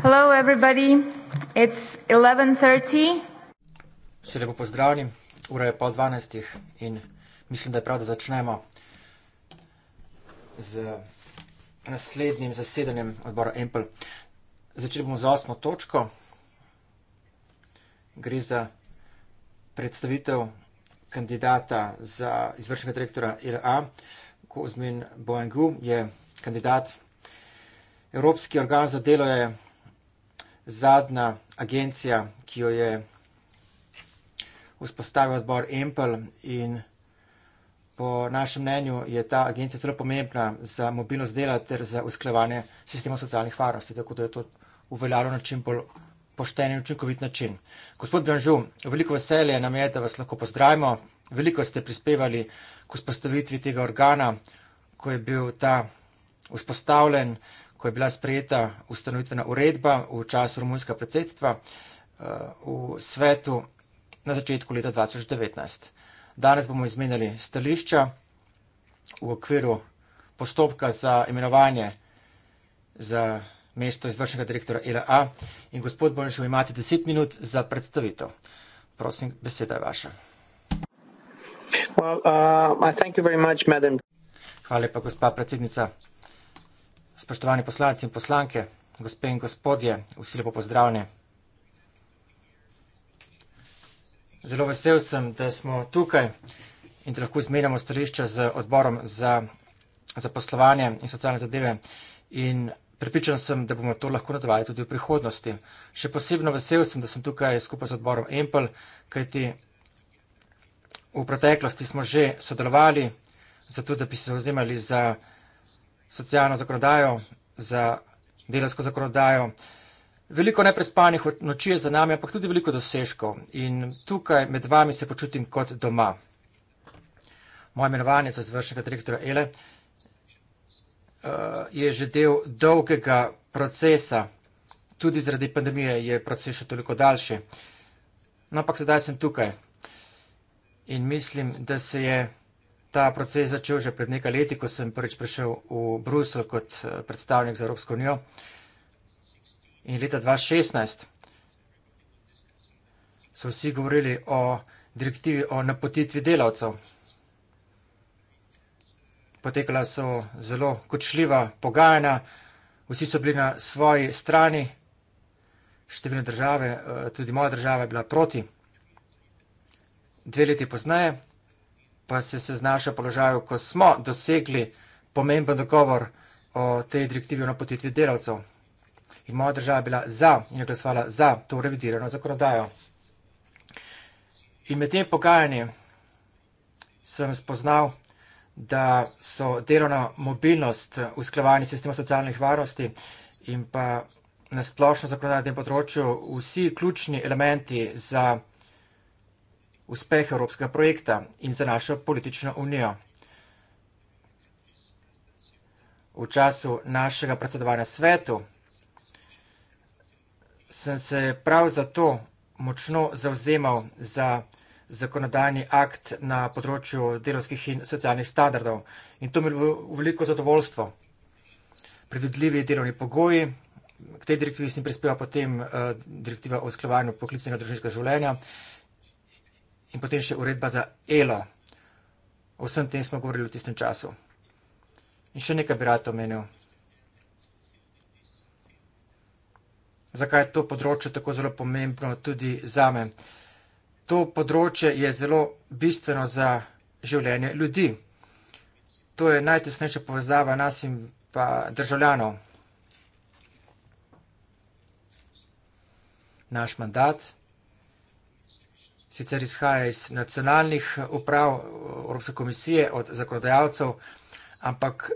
Hello everybody, it's 11.30. Vsi lepo pozdravljeni, ura je pol dvanestih in mislim, da je prav, da začnemo z naslednjim zasedanjem odbora Empel. Začeli bomo z osmo točko. Gre za predstavitev kandidata za izvršnega direktora ILA. Kozmin Boengu je kandidat. Evropski organ za delo je kandidat zadnja agencija, ki jo je vzpostavil odbor Ample in po našem mnenju je ta agencija zelo pomembna za mobilnost dela ter za usklevanje sistema socialnih varnosti, tako da je to uveljavljeno čim bolj pošten in učinkovit način. Gospod Bjanžu, veliko veselje nam je, da vas lahko pozdravimo. Veliko ste prispevali k vzpostavitvi tega organa, ko je bil ta vzpostavljen, ko je bila sprejeta ustanovitvena uredba v času rumunjskega predsedstva eh, v svetu na začetku leta 2019. Danes bomo izmenjali stališča v okviru postopka za imenovanje za mesto izvršnega direktora LA in gospod Bonišov, imate deset minut za predstavitev. Prosim, beseda je vaša. Well, uh, I thank you very much, Madam. Hvala lepa, gospa predsednica. Spoštovani poslanci in poslanke, gospe in gospodje, vsi lepo pozdravljeni. Zelo vesel sem, da smo tukaj in da lahko zmenjamo stališča z odborom za zaposlovanje in socialne zadeve in pripričan sem, da bomo to lahko nadvali tudi v prihodnosti. Še posebno vesel sem, da sem tukaj skupaj z odborom Empel, kajti v preteklosti smo že sodelovali za to, da bi se zauzemali za odbor socialno zakonodajo, za delovsko zakonodajo. Veliko neprespanih noči je za nami, ampak tudi veliko dosežkov. In tukaj med vami se počutim kot doma. Moje imenovanje za zvršnega direktora Ele eh, je že del dolgega procesa. Tudi zaradi pandemije je proces še toliko daljši. No, ampak sedaj sem tukaj. In mislim, da se je ta proces začel že pred nekaj leti, ko sem prvič prišel v Bruselj kot eh, predstavnik za Evropsko unijo. In leta 2016 so vsi govorili o direktivi o napotitvi delavcev. Potekala so zelo kočljiva pogajanja, vsi so bili na svoji strani, številne države, eh, tudi moja država je bila proti. Dve leti pozneje, pa se je znašel v položaju, ko smo dosegli pomemben dogovor o tej direktivi o napotitvi delavcev. In moja država je bila za in je glasovala za to revidirano zakonodajo. In med tem pogajanjem sem spoznal, da so delovna mobilnost usklajevanje sistema socialnih varnosti in pa na splošno zakonodajnem področju vsi ključni elementi za uspeh evropskega projekta in za našo politično unijo. V času našega predsedovanja svetu sem se prav zato močno zauzemal za zakonodajni akt na področju delovskih in socialnih standardov. In to mi je bilo veliko zadovoljstvo. Prevedljivi delovni pogoji, k tej direktivi sem prispeval potem eh, direktiva o sklovanju poklicnega družinskega življenja, in potem še uredba za ELO. O vsem tem smo govorili v tistem času. In še nekaj bi rad omenil. Zakaj je to področje tako zelo pomembno tudi za me? To področje je zelo bistveno za življenje ljudi. To je najtesnejša povezava nas in pa državljanov. Naš mandat sicer izhaja iz nacionalnih uprav Evropske komisije, od zakonodajalcev, ampak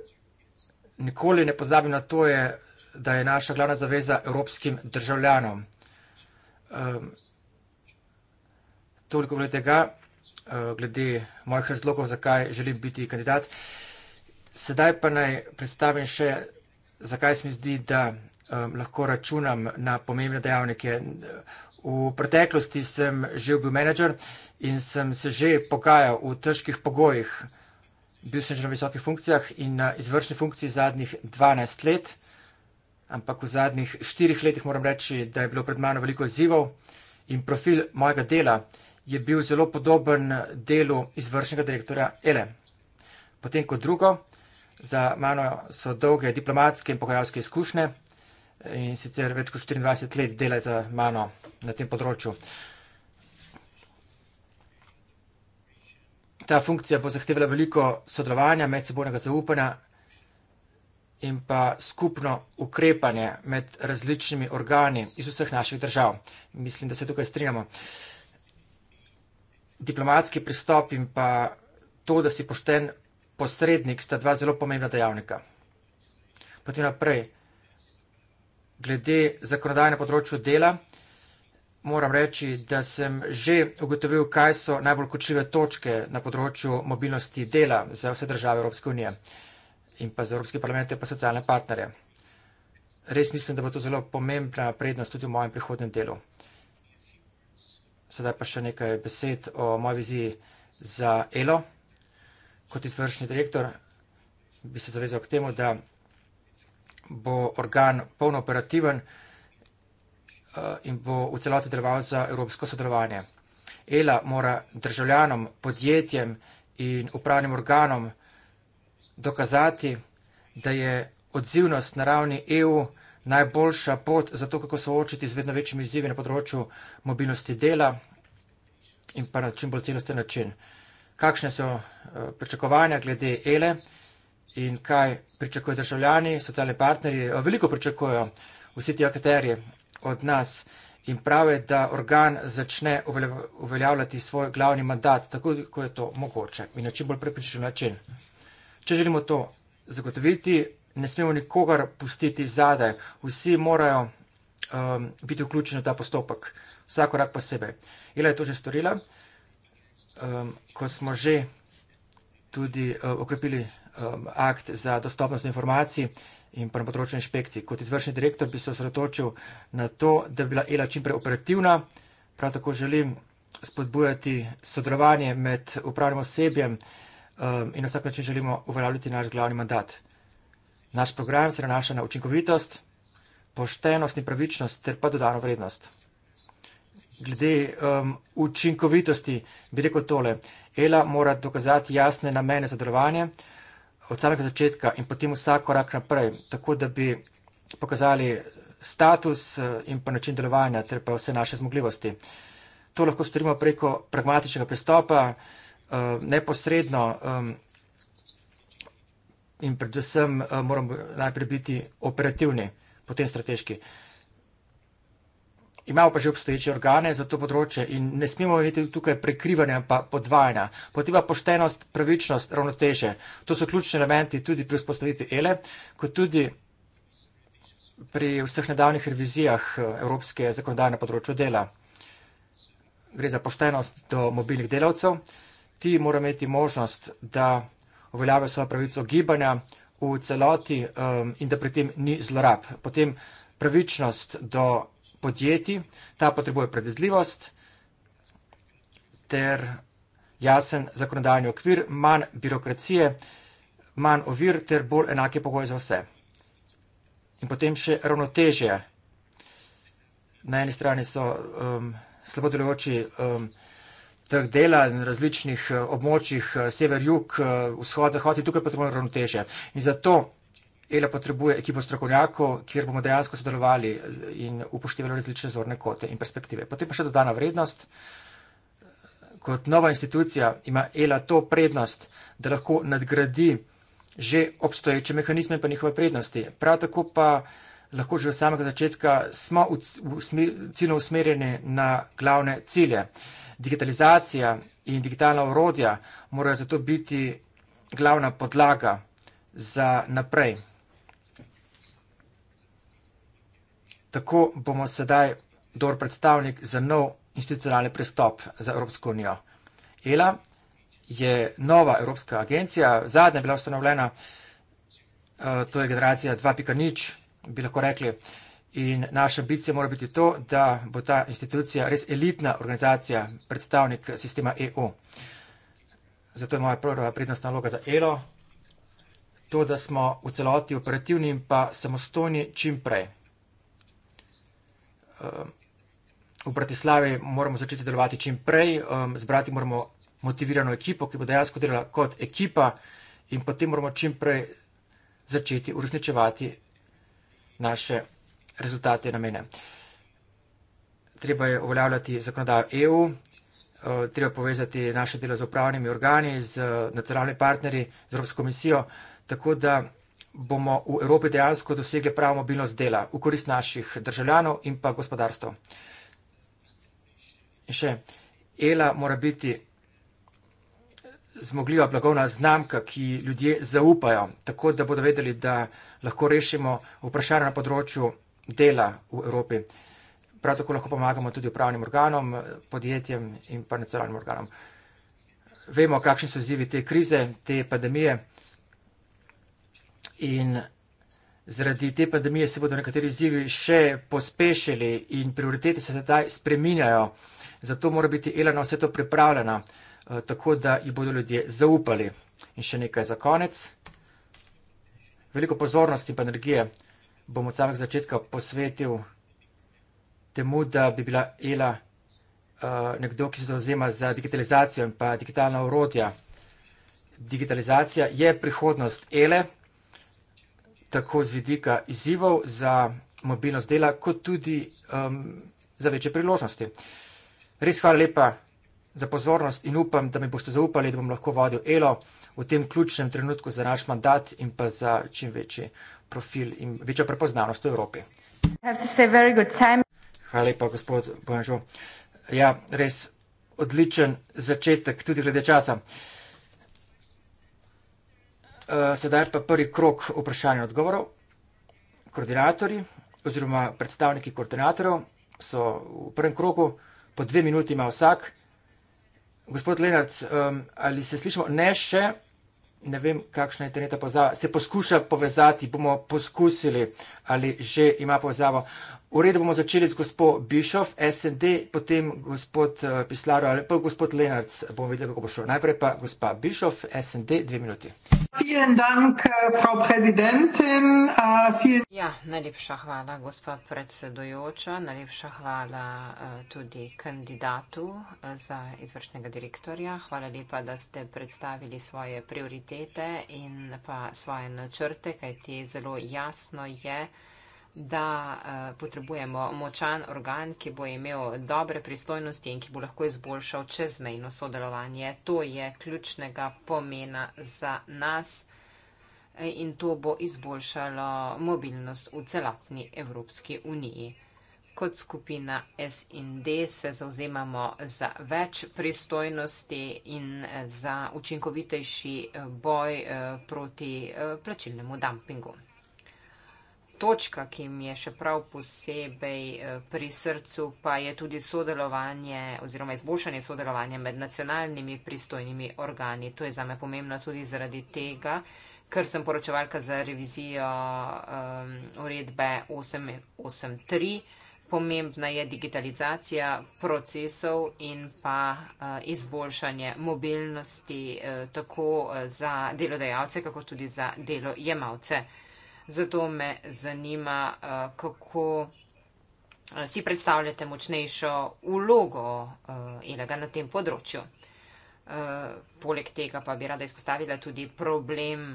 nikoli ne pozabim na to, je, da je naša glavna zaveza evropskim državljanom. Um, toliko glede tega, eh, glede mojih razlogov, zakaj želim biti kandidat. Sedaj pa naj predstavim še, zakaj se mi zdi, da um, lahko računam na pomembne dejavnike. Um, V preteklosti sem že bil menedžer in sem se že pogajal v težkih pogojih. Bil sem že na visokih funkcijah in na izvršni funkciji zadnjih 12 let, ampak v zadnjih 4 letih moram reči, da je bilo pred mano veliko izzivov in profil mojega dela je bil zelo podoben delu izvršnega direktorja Ele. Potem kot drugo, za mano so dolge diplomatske in pogajalske izkušnje in sicer več kot 24 let dela za mano na tem področju. Ta funkcija bo zahtevala veliko sodelovanja, medsebojnega zaupanja in pa skupno ukrepanje med različnimi organi iz vseh naših držav. Mislim, da se tukaj strinjamo. Diplomatski pristop in pa to, da si pošten posrednik, sta dva zelo pomembna dejavnika. Potem naprej, glede zakonodajne področju dela moram reči, da sem že ugotovil, kaj so najbolj kočljive točke na področju mobilnosti dela za vse države Evropske unije in pa za Evropske parlamente in pa socialne partnere. Res mislim, da bo to zelo pomembna prednost tudi v mojem prihodnem delu. Sedaj pa še nekaj besed o moji viziji za ELO. Kot izvršni direktor bi se zavezal k temu, da bo organ polnooperativen, Eh, in bo v celoti deloval za evropsko sodelovanje. ELA mora državljanom, podjetjem in upravnim organom dokazati, da je odzivnost na ravni EU najboljša pot za to, kako soočiti z vedno večjimi izzivi na področju mobilnosti dela in pa na čim bolj celosten način. Kakšne so eh, pričakovanja glede ELE in kaj pričakujejo državljani, socialni partnerji, eh, veliko pričakujejo vsi ti akterji od nas. In prav je, da organ začne uveljavljati svoj glavni mandat, tako kot je to mogoče in na čim bolj prepričljiv način. Če želimo to zagotoviti, ne smemo nikogar pustiti zadaj. Vsi morajo um, biti vključeni v ta postopek, vsak korak posebej. Ila je to že storila, um, ko smo že tudi uh, okrepili um, akt za dostopnost informacij, in pa na področju inšpekcij. Kot izvršni direktor bi se osredotočil na to, da bi bila ELA čimprej operativna. Prav tako želim spodbujati sodelovanje med upravnim osebjem um, in na vsak način želimo uveljavljati naš glavni mandat. Naš program se nanaša na učinkovitost, poštenost in pravičnost ter pa dodano vrednost. Glede um, učinkovitosti bi rekel tole. ELA mora dokazati jasne namene za delovanje, od samega začetka in potem vsak korak naprej, tako da bi pokazali status eh, in pa način delovanja ter pa vse naše zmogljivosti. To lahko storimo preko pragmatičnega pristopa, eh, neposredno eh, in predvsem moramo najprej biti operativni, potem strateški imamo pa že obstoječe organe za to področje in ne smemo imeti tukaj prekrivanja, pa podvajanja. Potem pa poštenost, pravičnost, ravnoteže. To so ključni elementi tudi pri vzpostavitvi ELE, kot tudi pri vseh nedavnih revizijah eh, Evropske zakonodaje na področju dela. Gre za poštenost do mobilnih delavcev. Ti morajo imeti možnost, da uveljavijo svojo pravico gibanja v celoti um, in da pri tem ni zlorab. Potem pravičnost do podjetij, ta potrebuje predvidljivost ter jasen zakonodajni okvir, manj birokracije, manj ovir ter bolj enake pogoje za vse. In potem še ravnotežje. Na eni strani so um, slabo delujoči um, trg dela na različnih uh, območjih, uh, sever, jug, uh, vzhod, zahod in tukaj potrebujemo ravnotežje. In zato Ela potrebuje ekipo strokovnjakov, kjer bomo dejansko sodelovali in upoštevali različne zorne kote in perspektive. Potem pa še dodana vrednost. Kot nova institucija ima Ela to prednost, da lahko nadgradi že obstoječe mehanizme in njihove prednosti. Prav tako pa lahko že od samega začetka smo ciljno usmerjeni na glavne cilje. Digitalizacija in digitalna urodja morajo zato biti glavna podlaga za naprej. Tako bomo sedaj dober predstavnik za nov institucionalni prestop za Evropsko unijo. ELA je nova Evropska agencija, zadnja je bila ustanovljena, eh, to je generacija 2.0, bi lahko rekli, in naša ambicija mora biti to, da bo ta institucija res elitna organizacija, predstavnik sistema EU. Zato je moja prva prednostna naloga za ELO, to, da smo v celoti operativni in pa samostojni čim prej v Bratislavi moramo začeti delovati čim prej, um, zbrati moramo motivirano ekipo, ki bo dejansko delala kot ekipa in potem moramo čim prej začeti uresničevati naše rezultate in namene. Treba je uveljavljati zakonodajo EU, uh, treba povezati naše delo z upravnimi organi, z uh, nacionalnimi partnerji, z Evropsko komisijo, tako da bomo v Evropi dejansko dosegli pravo mobilnost dela v korist naših državljanov in pa gospodarstva. In še, ELA mora biti zmogljiva blagovna znamka, ki ljudje zaupajo, tako da bodo vedeli, da lahko rešimo vprašanje na področju dela v Evropi. Prav tako lahko pomagamo tudi upravnim organom, podjetjem in pa nacionalnim organom. Vemo, kakšni so izzivi te krize, te pandemije. In zaradi te pandemije se bodo nekateri izzivi še pospešili in prioritete se sedaj spreminjajo. Zato mora biti Ela na vse to pripravljena, eh, tako da ji bodo ljudje zaupali. In še nekaj za konec. Veliko pozornosti in energije bom od samega začetka posvetil temu, da bi bila Ela eh, nekdo, ki se zauzema za digitalizacijo in pa digitalna urodja. Digitalizacija je prihodnost Ele tako z vidika izzivov za mobilnost dela, kot tudi um, za večje priložnosti. Res hvala lepa za pozornost in upam, da mi boste zaupali, da bom lahko vodil Elo v tem ključnem trenutku za naš mandat in pa za čim večji profil in večjo prepoznavnost v Evropi. Hvala lepa, gospod Bojanžo. Ja, res odličen začetek tudi glede časa. Uh, Uh, sedaj pa prvi krok vprašanj in odgovorov. Koordinatorji oziroma predstavniki koordinatorjev so v prvem kroku, po dve minuti ima vsak. Gospod Lenarc, um, ali se slišimo? Ne še, ne vem, kakšna je teneta povezava. Se poskuša povezati, bomo poskusili, ali že ima povezavo. V redu bomo začeli z gospod Bišov, SND, potem gospod eh, Pislaro ali pa gospod Lenarc, bomo videli, kako bo šlo. Najprej pa gospa Bišov, SND, dve minuti. Vielen Dank, äh, Frau Präsidentin. Äh, ja, najlepša hvala, gospa predsedujoča. Najlepša hvala äh, tudi kandidatu za izvršnega direktorja. Hvala lepa, da ste predstavili svoje prioritete in pa svoje načrte, kajti zelo jasno je, da uh, potrebujemo močan organ, ki bo imel dobre pristojnosti in ki bo lahko izboljšal čezmejno sodelovanje. To je ključnega pomena za nas eh, in to bo izboljšalo mobilnost v celotni Evropski uniji. Kot skupina SND se zauzemamo za več pristojnosti in eh, za učinkovitejši boj proti plačilnemu dumpingu točka, ki mi je še prav posebej eh, pri srcu, pa je tudi sodelovanje oziroma izboljšanje sodelovanja med nacionalnimi pristojnimi organi. To je za me pomembno tudi zaradi tega, ker sem poročevalka za revizijo um, uredbe 883. Pomembna je digitalizacija procesov in pa uh, izboljšanje mobilnosti uh, tako za delodajalce, kako tudi za delojemalce. Zato me zanima, eh, kako eh, si predstavljate močnejšo ulogo eh, ELEGA na tem področju. Poleg tega pa bi rada izpostavila tudi problem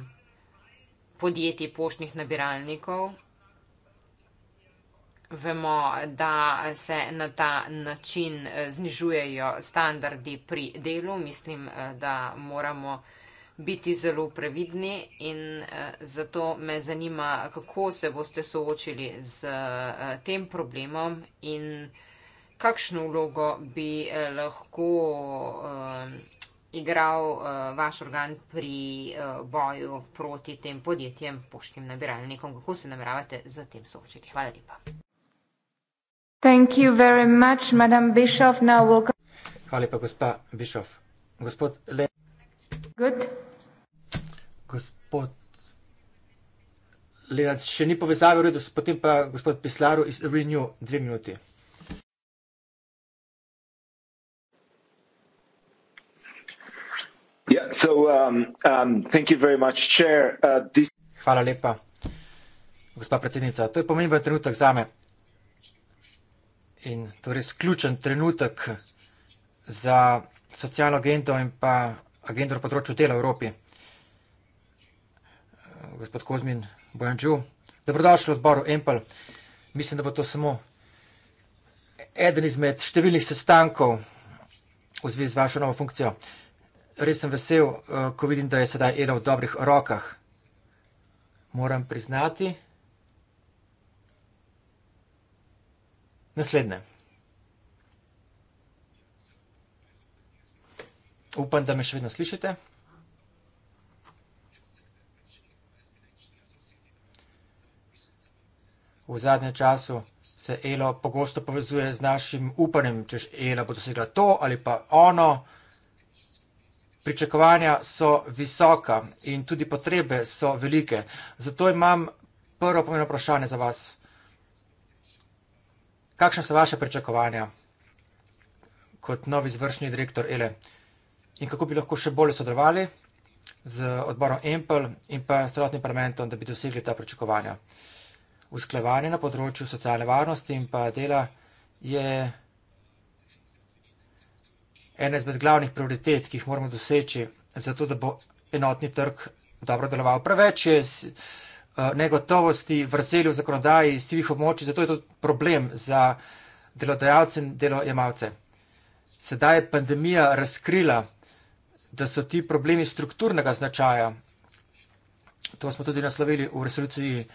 podjetij poštnih nabiralnikov. Vemo, da se na ta način znižujejo standardi pri delu. Mislim, da moramo biti zelo previdni in uh, zato me zanima, kako se boste soočili z uh, tem problemom in kakšno vlogo bi uh, lahko uh, igral uh, vaš organ pri uh, boju proti tem podjetjem, poštnim nabiralnikom, kako se nameravate z tem soočiti. Hvala lepa. Much, Bischof, Hvala lepa, gospa Bišov. Gospod Le. Good gospod Lenac še ni povezave, v redu, potem pa gospod Pislaru iz Renew, dve minuti. Yeah, so, um, um, Chair, uh, this... Hvala lepa, gospa predsednica. To je pomemben trenutek za me. In to je res ključen trenutek za socialno agendo in pa agendo na področju dela v Evropi gospod Kozmin Bojanžu. Dobrodošli v odboru Empel. Mislim, da bo to samo eden izmed številnih sestankov v zvezi z vašo novo funkcijo. Res sem vesel, eh, ko vidim, da je sedaj ena v dobrih rokah. Moram priznati naslednje. Upam, da me še vedno slišite. v zadnjem času se Elo pogosto povezuje z našim upanjem, češ Elo bo dosegla to ali pa ono. Pričakovanja so visoka in tudi potrebe so velike. Zato imam prvo pomembno vprašanje za vas. Kakšne so vaše pričakovanja kot novi izvršni direktor Ele? In kako bi lahko še bolje sodelovali z odborom Empel in pa celotnim parlamentom, da bi dosegli ta pričakovanja? Uh, usklevanje na področju socialne varnosti in pa dela je ena izmed glavnih prioritet, ki jih moramo doseči, zato da bo enotni trg dobro deloval. Preveč je uh, negotovosti vrzeli v zakonodaji iz svih območij, zato je to problem za delodajalce in delojemalce. Sedaj je pandemija razkrila, da so ti problemi strukturnega značaja. To smo tudi naslovili v resoluciji uh,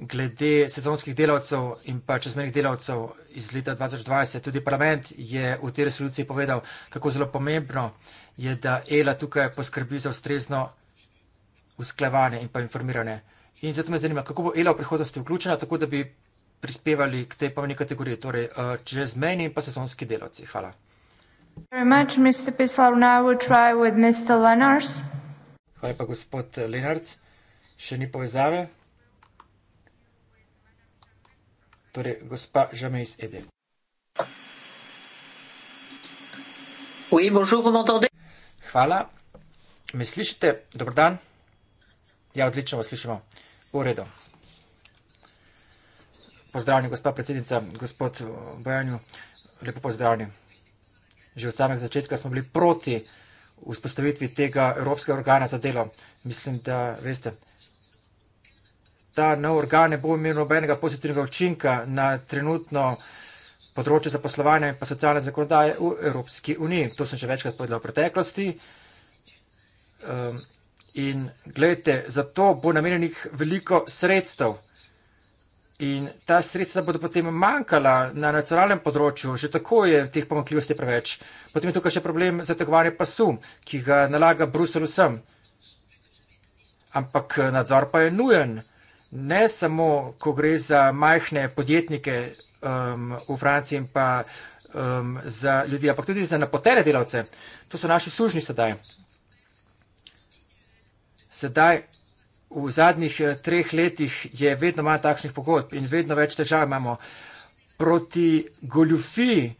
glede sezonskih delavcev in pa čezmernih delavcev iz leta 2020. Tudi parlament je v tej resoluciji povedal, kako zelo pomembno je, da ELA tukaj poskrbi za ustrezno usklevanje in pa informiranje. In zato me zanima, kako bo ELA v prihodnosti vključena, tako da bi prispevali k tej pomeni kategoriji, torej eh, čezmejni in pa sezonski delavci. Hvala. Much, Pislav, Hvala pa gospod eh, Lenarc. Še ni povezave. Torej, gospa Žamejs Eden. Oui, bonjour, Hvala. Me slišite? Dobro dan. Ja, odlično vas slišimo. V redu. Pozdravljeni, gospa predsednica, gospod eh, Bojanju. Lepo pozdravljeni. Že od samega začetka smo bili proti vzpostavitvi tega Evropskega organa za delo. Mislim, da veste ta nov organ ne bo imel nobenega pozitivnega učinka na trenutno področje zaposlovanja in pa socialne zakonodaje v Evropski uniji. To sem že večkrat povedal v preteklosti. Um, in gledajte, za to bo namenjenih veliko sredstev. In ta sredstva bodo potem manjkala na nacionalnem področju, že tako je teh pomakljivosti preveč. Potem je tukaj še problem zategovanja pasu, ki ga nalaga Bruselj vsem. Ampak eh, nadzor pa je nujen. Uh, ne samo, ko gre za majhne podjetnike um, v Franciji in pa um, za ljudi, ampak tudi za napotene delavce. To so naši služni sedaj. Sedaj v zadnjih eh, treh letih je vedno manj takšnih pogodb in vedno več težav imamo proti goljufiji.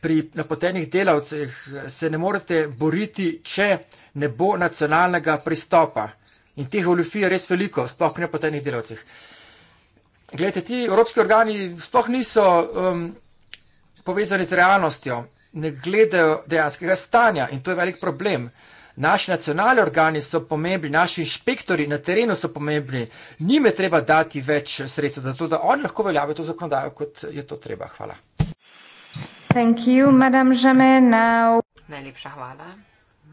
Pri napotenih delavcih eh, se ne morete boriti, če ne bo nacionalnega pristopa. In teh goljufij je res veliko, sploh pri nepotenih delavcih. Glede, ti evropski organi sploh niso um, povezani z realnostjo, ne gledajo dejanskega stanja in to je velik problem. Naši nacionalni organi so pomembni, naši inšpektori na terenu so pomembni, njime treba dati več sredstev, zato da oni lahko veljavijo to zakonodajo, kot je to treba. Hvala. Thank you, madam Jamena. Najlepša hvala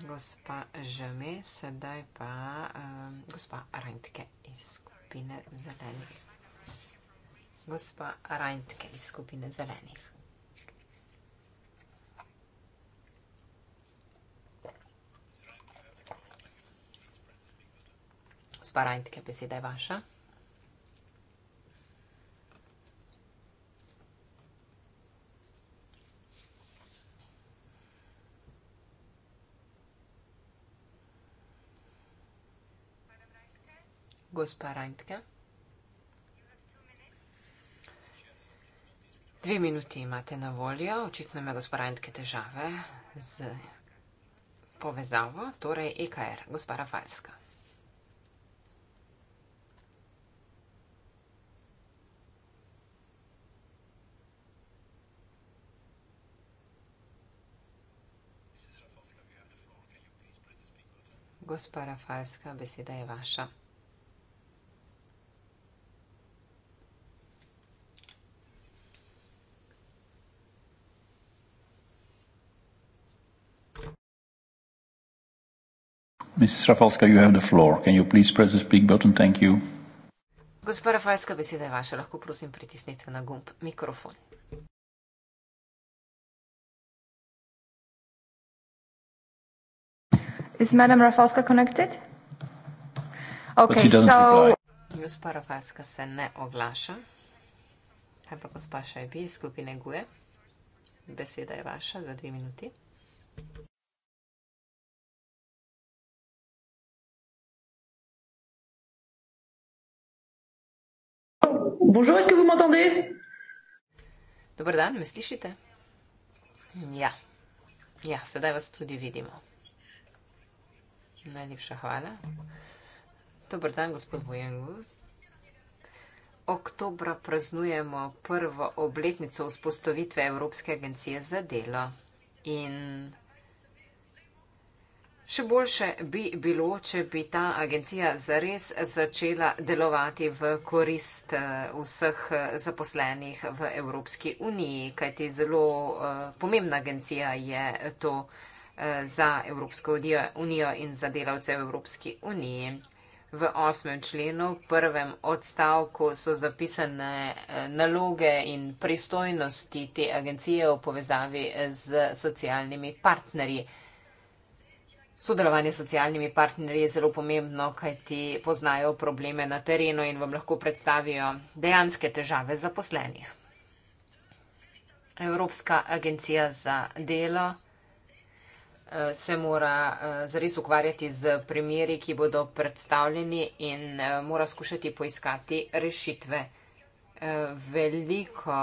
gospa Žeme, sedaj pa um, gospa Rajntke iz skupine zelenih. Gospa Rajntke iz skupine zelenih. Gospa Rajntke, beseda je vaša. Gospa Rajntke. Dve minuti imate na voljo. Očitno ima gospa Rajntke težave z povezavo. Torej EKR, gospa Rafalska. Gospa Rafalska, beseda je vaša. Mrs. Rafalska, you have the floor. Can you please press the speak button? Thank you. Gospa Rafalska, beseda je vaša. Lahko prosim pritisnite na gumb mikrofon. Is Madam Rafalska connected? Okay, But she doesn't so... Gospa Rafalska se ne oglaša. Kaj pa gospa Šajbi iz skupine GUE? Beseda je vaša za dve minuti. Bonjour, est-ce que vous m'entendez Dobar dan, me slišite? Ja. Ja, sedaj vas tudi vidimo. Najlepša hvala. Dobar dan, gospod Bojengu. Oktobra praznujemo prvo obletnico vzpostavitve Evropske agencije za delo. In Še boljše bi bilo, če bi ta agencija zares začela delovati v korist eh, vseh eh, zaposlenih v Evropski uniji, kajti zelo eh, pomembna agencija je to za Evropsko unijo in za delavce v Evropski uniji. V osmem členu, prvem odstavku so zapisane naloge in pristojnosti te agencije v povezavi z socialnimi partnerji. Sodelovanje s socialnimi partnerji je zelo pomembno, kaj ti poznajo probleme na terenu in vam lahko predstavijo dejanske težave zaposlenih. Evropska agencija za delo eh, se mora eh, zares ukvarjati z primeri, ki bodo predstavljeni in eh, mora skušati poiskati rešitve. Veliko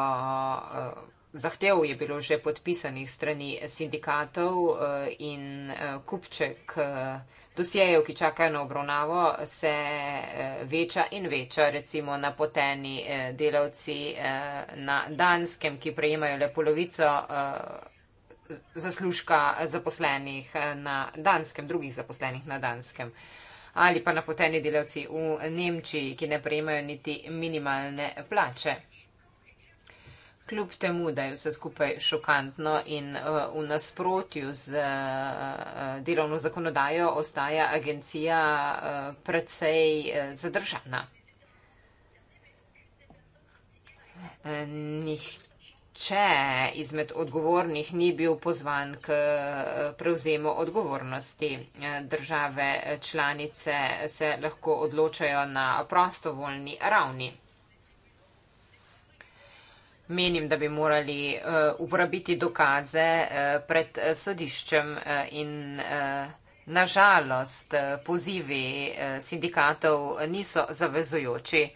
zahtev je bilo že podpisanih strani sindikatov eh, in eh, kupček eh, dosjejev, ki čakajo na obravnavo, se veča in veča, recimo napoteni delavci na Danskem, ki prejemajo le polovico zaslužka zaposlenih na Danskem, drugih zaposlenih na Danskem. Ali pa napoteni delavci v Nemčiji, ki ne prejemajo niti minimalne plače. Kljub temu, da je vse skupaj šokantno in uh, v nasprotju z uh, delovno zakonodajo, ostaja agencija uh, precej uh, zadržana. Nihče izmed odgovornih ni bil pozvan k prevzemu odgovornosti. Države članice se lahko odločajo na prostovoljni ravni. Menim, da bi morali uh, uporabiti dokaze uh, pred uh, sodiščem uh, in uh, nažalost uh, pozivi uh, sindikatov niso zavezujoči.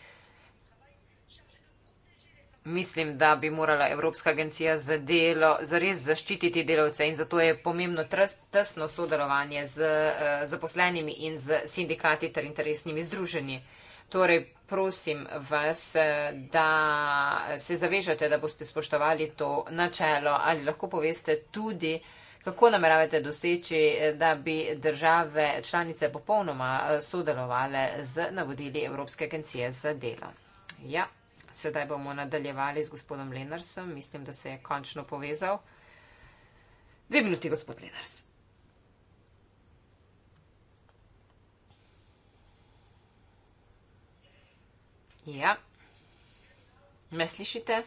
Mislim, da bi morala Evropska agencija za delo zares zaščititi delovce in zato je pomembno tesno sodelovanje z uh, zaposlenimi in z sindikati ter interesnimi združenji. Torej, prosim vas, da se zavežete, da boste spoštovali to načelo ali lahko poveste tudi, kako nameravate doseči, da bi države članice popolnoma eh, sodelovale z navodili Evropske agencije za delo. Ja, sedaj bomo nadaljevali z gospodom Lenarsom. Mislim, da se je končno povezal. Dve minuti, gospod Lenars. Ja. Me slišite?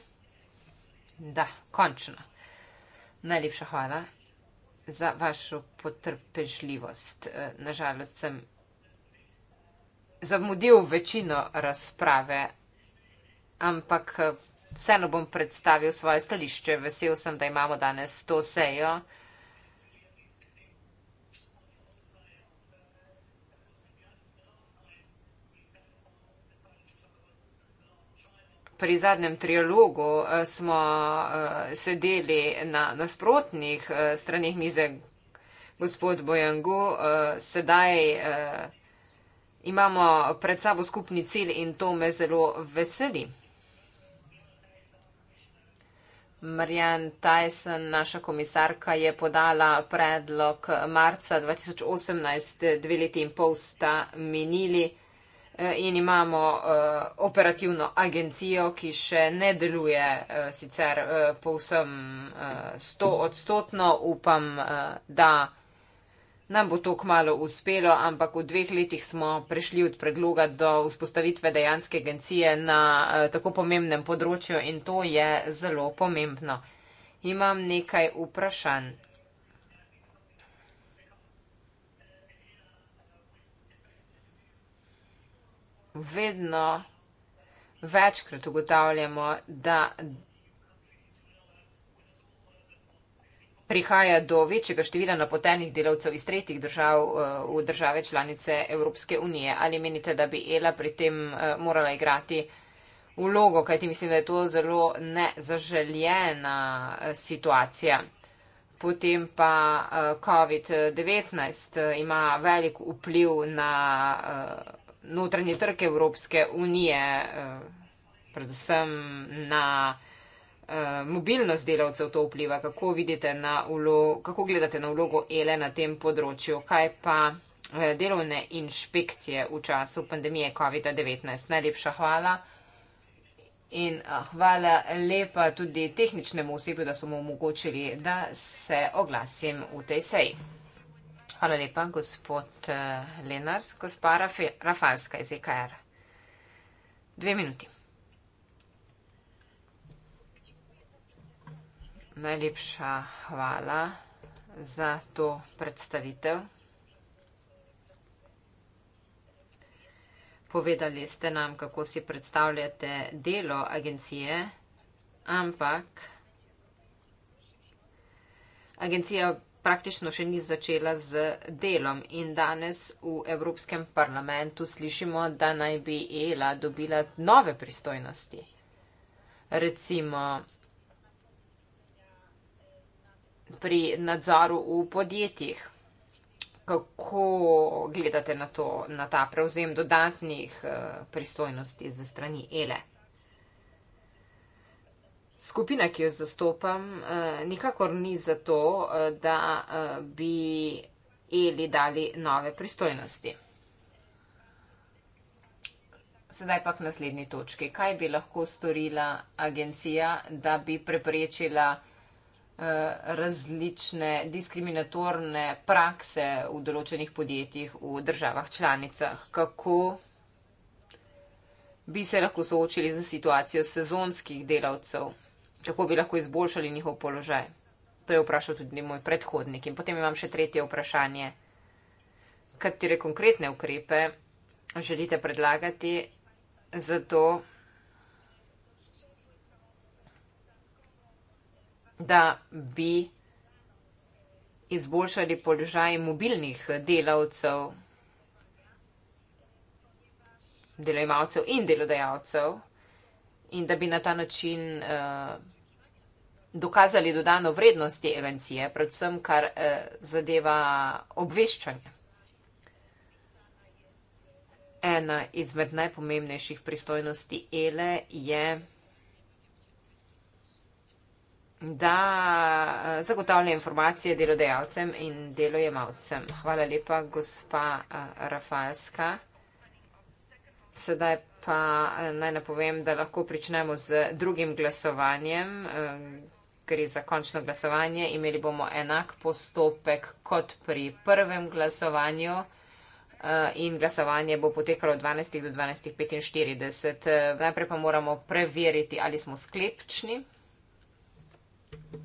Da, končno. Najlepša hvala za vašo potrpežljivost. Eh, Nažalost sem zamudil večino razprave, ampak eh, vseeno bom predstavil svoje stališče. Vesel sem, da imamo danes to sejo. pri zadnjem trialogu eh, smo eh, sedeli na nasprotnih eh, stranih mize, gospod Bojangu, sedaj imamo pred sabo skupni cilj in to me zelo veseli. Marjan Tyson, naša komisarka, je podala predlog marca 2018, dve leti in pol sta minili. Eh, in imamo eh, operativno agencijo, ki še ne deluje eh, sicer povsem sto odstotno. Upam, da nam bo to kmalo uspelo, ampak v dveh letih smo prišli od predloga do vzpostavitve dejanske agencije na tako pomembnem področju in to je zelo pomembno. Imam nekaj vprašanj. vedno večkrat ugotavljamo, da prihaja do večjega števila napotenih delavcev iz tretjih držav eh, v države članice Evropske unije. Ali menite, da bi Ela pri tem eh, morala igrati vlogo, kajti mislim, da je to zelo nezaželjena eh, situacija. Potem pa COVID-19 ima velik vpliv na notranji trg Evropske unije, eh, predvsem na eh, mobilnost delavcev to vpliva, kako, vlogo, kako gledate na vlogo ELE na tem področju, kaj pa eh, delovne inšpekcije v času pandemije COVID-19. Najlepša hvala. In hvala lepa tudi tehničnemu osebju, da so mu omogočili, da se oglasim v tej seji. Hvala lepa, gospod eh, Lenars, gospa Rafalska iz EKR. Dve minuti. Najlepša hvala za to predstavitev. Povedali ste nam, kako si predstavljate delo agencije, ampak agencija praktično še ni začela z delom in danes v Evropskem parlamentu slišimo, da naj bi ELA dobila nove pristojnosti. Recimo pri nadzoru v podjetjih. Kako gledate na, to, na ta prevzem dodatnih eh, pristojnosti ze strani ELE? Skupina, ki jo zastopam, eh, nikakor ni zato, eh, da eh, bi Eli dali nove pristojnosti. Sedaj pa k naslednji točki. Kaj bi lahko storila agencija, da bi preprečila različne diskriminatorne prakse v določenih podjetjih v državah članicah? Kako bi se lahko soočili za situacijo sezonskih delavcev? kako bi lahko izboljšali njihov položaj. To je vprašal tudi moj predhodnik. In potem imam še tretje vprašanje. Katere konkretne ukrepe želite predlagati za to, da bi izboljšali položaj mobilnih delavcev, delojemalcev in delodajalcev in da bi na ta način eh, dokazali dodano vrednost te agencije, predvsem kar eh, zadeva obveščanje. Ena izmed najpomembnejših pristojnosti ELE je, da eh, zagotavlja informacije delodajalcem in delojemalcem. Hvala lepa, gospa Rafalska. Sedaj pa eh, naj napovem, da lahko pričnemo z drugim glasovanjem. Eh, gre za končno glasovanje. Imeli bomo enak postopek kot pri prvem glasovanju eh, in glasovanje bo potekalo od 12. do 12.45. Najprej pa moramo preveriti, ali smo sklepčni.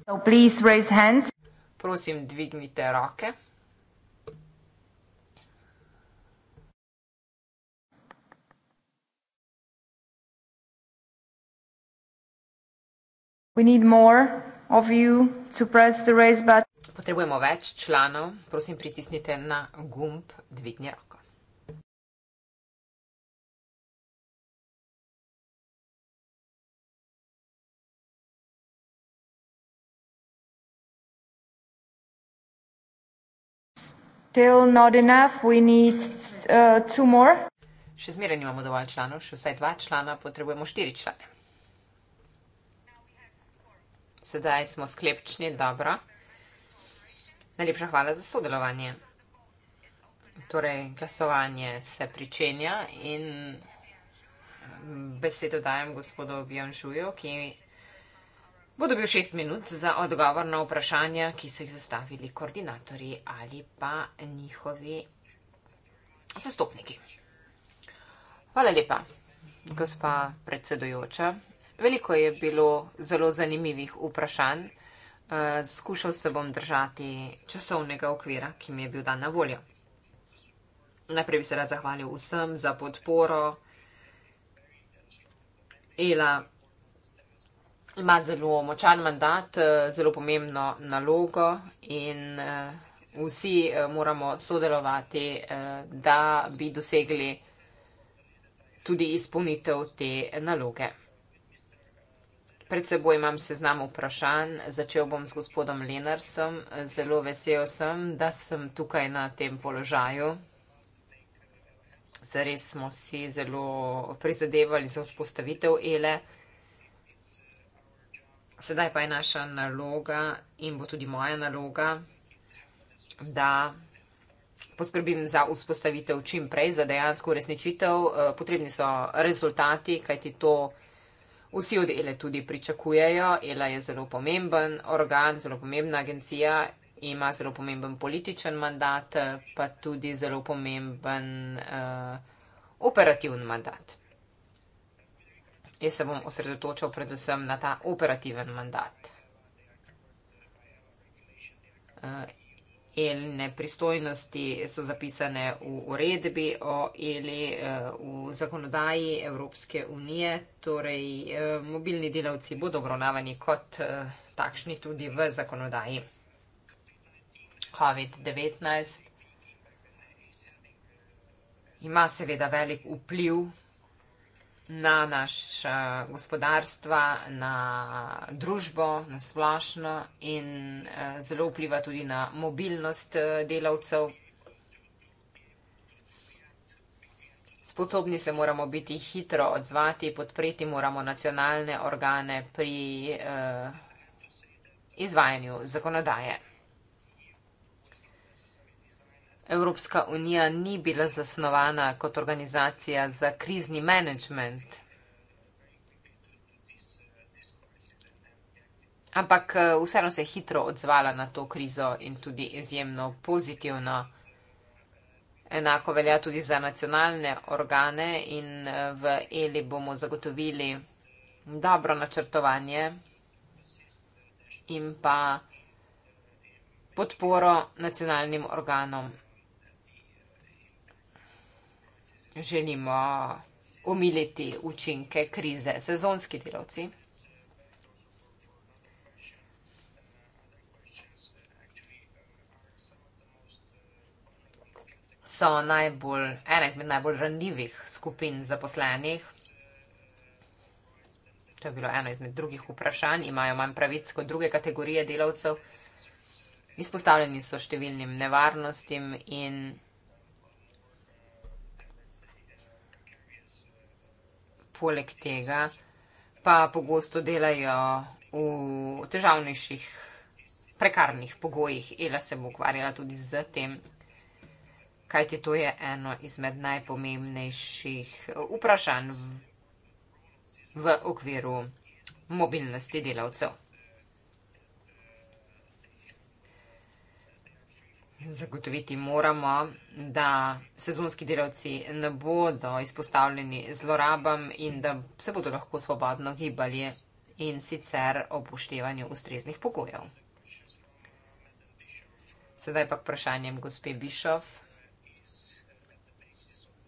So please raise hands. Prosim, dvignite roke. Potrebujemo več članov, prosim pritisnite na gumb dvigni roko. Need, uh, še zmeraj nimamo dovolj članov, še vsaj dva člana, potrebujemo štiri člane. Sedaj smo sklepčni, dobro. Najlepša hvala za sodelovanje. Torej, glasovanje se pričenja in besedo dajem gospodu Bjanžuju, ki bo dobil šest minut za odgovor na vprašanja, ki so jih zastavili koordinatorji ali pa njihovi zastopniki. Hvala lepa, gospa predsedujoča. Veliko je bilo zelo zanimivih vprašanj. Eh, skušal se bom držati časovnega okvira, ki mi je bil dan na voljo. Najprej bi se rad zahvalil vsem za podporo. Ela ima zelo močan mandat, eh, zelo pomembno nalogo in eh, vsi moramo sodelovati, da bi dosegli tudi izpolnitev te naloge. Pred seboj imam seznam vprašanj. Začel bom s gospodom Lenarsom. Zelo vesel sem, da sem tukaj na tem položaju. Zares smo si zelo prizadevali za vzpostavitev ELE. Sedaj pa je naša naloga in bo tudi moja naloga, da poskrbim za vzpostavitev čim prej, za dejansko uresničitev. Eh, potrebni so rezultati, kajti to vzpostavitev vsi od ELE tudi pričakujejo. ELA je zelo pomemben organ, zelo pomembna agencija, ima zelo pomemben političen mandat, pa tudi zelo pomemben uh, eh, operativen mandat. Jaz se bom osredotočal predvsem na ta operativen mandat. Eh, elne pristojnosti so zapisane v uredbi o eli eh, v zakonodaji Evropske unije. Torej, eh, mobilni delavci bodo obravnavani kot eh, takšni tudi v zakonodaji. COVID-19 ima seveda velik vpliv na naša gospodarstva, na družbo, na splošno in eh, zelo vpliva tudi na mobilnost eh, delavcev. Sposobni se moramo biti hitro odzvati, podpreti moramo nacionalne organe pri eh, izvajanju zakonodaje. Evropska unija ni bila zasnovana kot organizacija za krizni management. Ampak eh, vseeno se je hitro odzvala na to krizo in tudi izjemno pozitivno. Enako velja tudi za nacionalne organe in eh, v Eli bomo zagotovili dobro načrtovanje in pa podporo nacionalnim organom. želimo umiliti učinke krize, sezonski delavci. So najbolj, ena izmed najbolj ranljivih skupin zaposlenih. To je bilo eno izmed drugih vprašanj. Imajo manj pravic kot druge kategorije delavcev. Izpostavljeni so številnim nevarnostim in nevarnostim. poleg tega pa pogosto delajo v težavnejših, prekarnih pogojih. Ela se bo ukvarjala tudi z tem, kajti to je eno izmed najpomembnejših vprašanj v, v okviru mobilnosti delavcev. Zagotoviti moramo, da sezonski delavci ne bodo izpostavljeni zlorabam in da se bodo lahko svobodno gibali in sicer ob uštevanju ustreznih pogojev. Sedaj pa k vprašanjem gospe Bišov.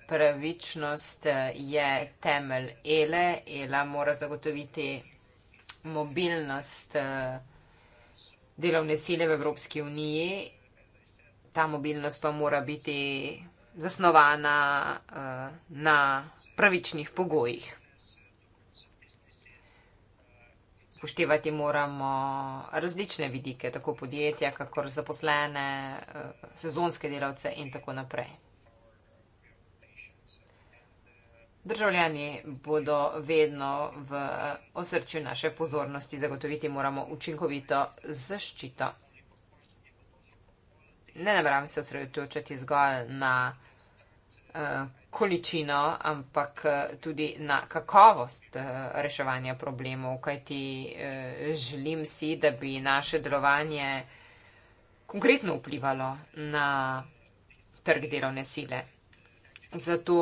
Pravičnost je temelj ELE. ELA mora zagotoviti mobilnost delovne sile v Evropski uniji ta mobilnost pa mora biti zasnovana uh, na pravičnih pogojih. Poštevati moramo različne vidike, tako podjetja, kakor zaposlene, eh, sezonske delavce in tako naprej. Državljani bodo vedno v osrčju naše pozornosti, zagotoviti moramo učinkovito zaščito ne nabram se osredotočiti zgolj na uh, količino, ampak eh, tudi na kakovost uh, reševanja problemov, kajti uh, želim si, da bi naše delovanje konkretno vplivalo na trg delovne sile. Zato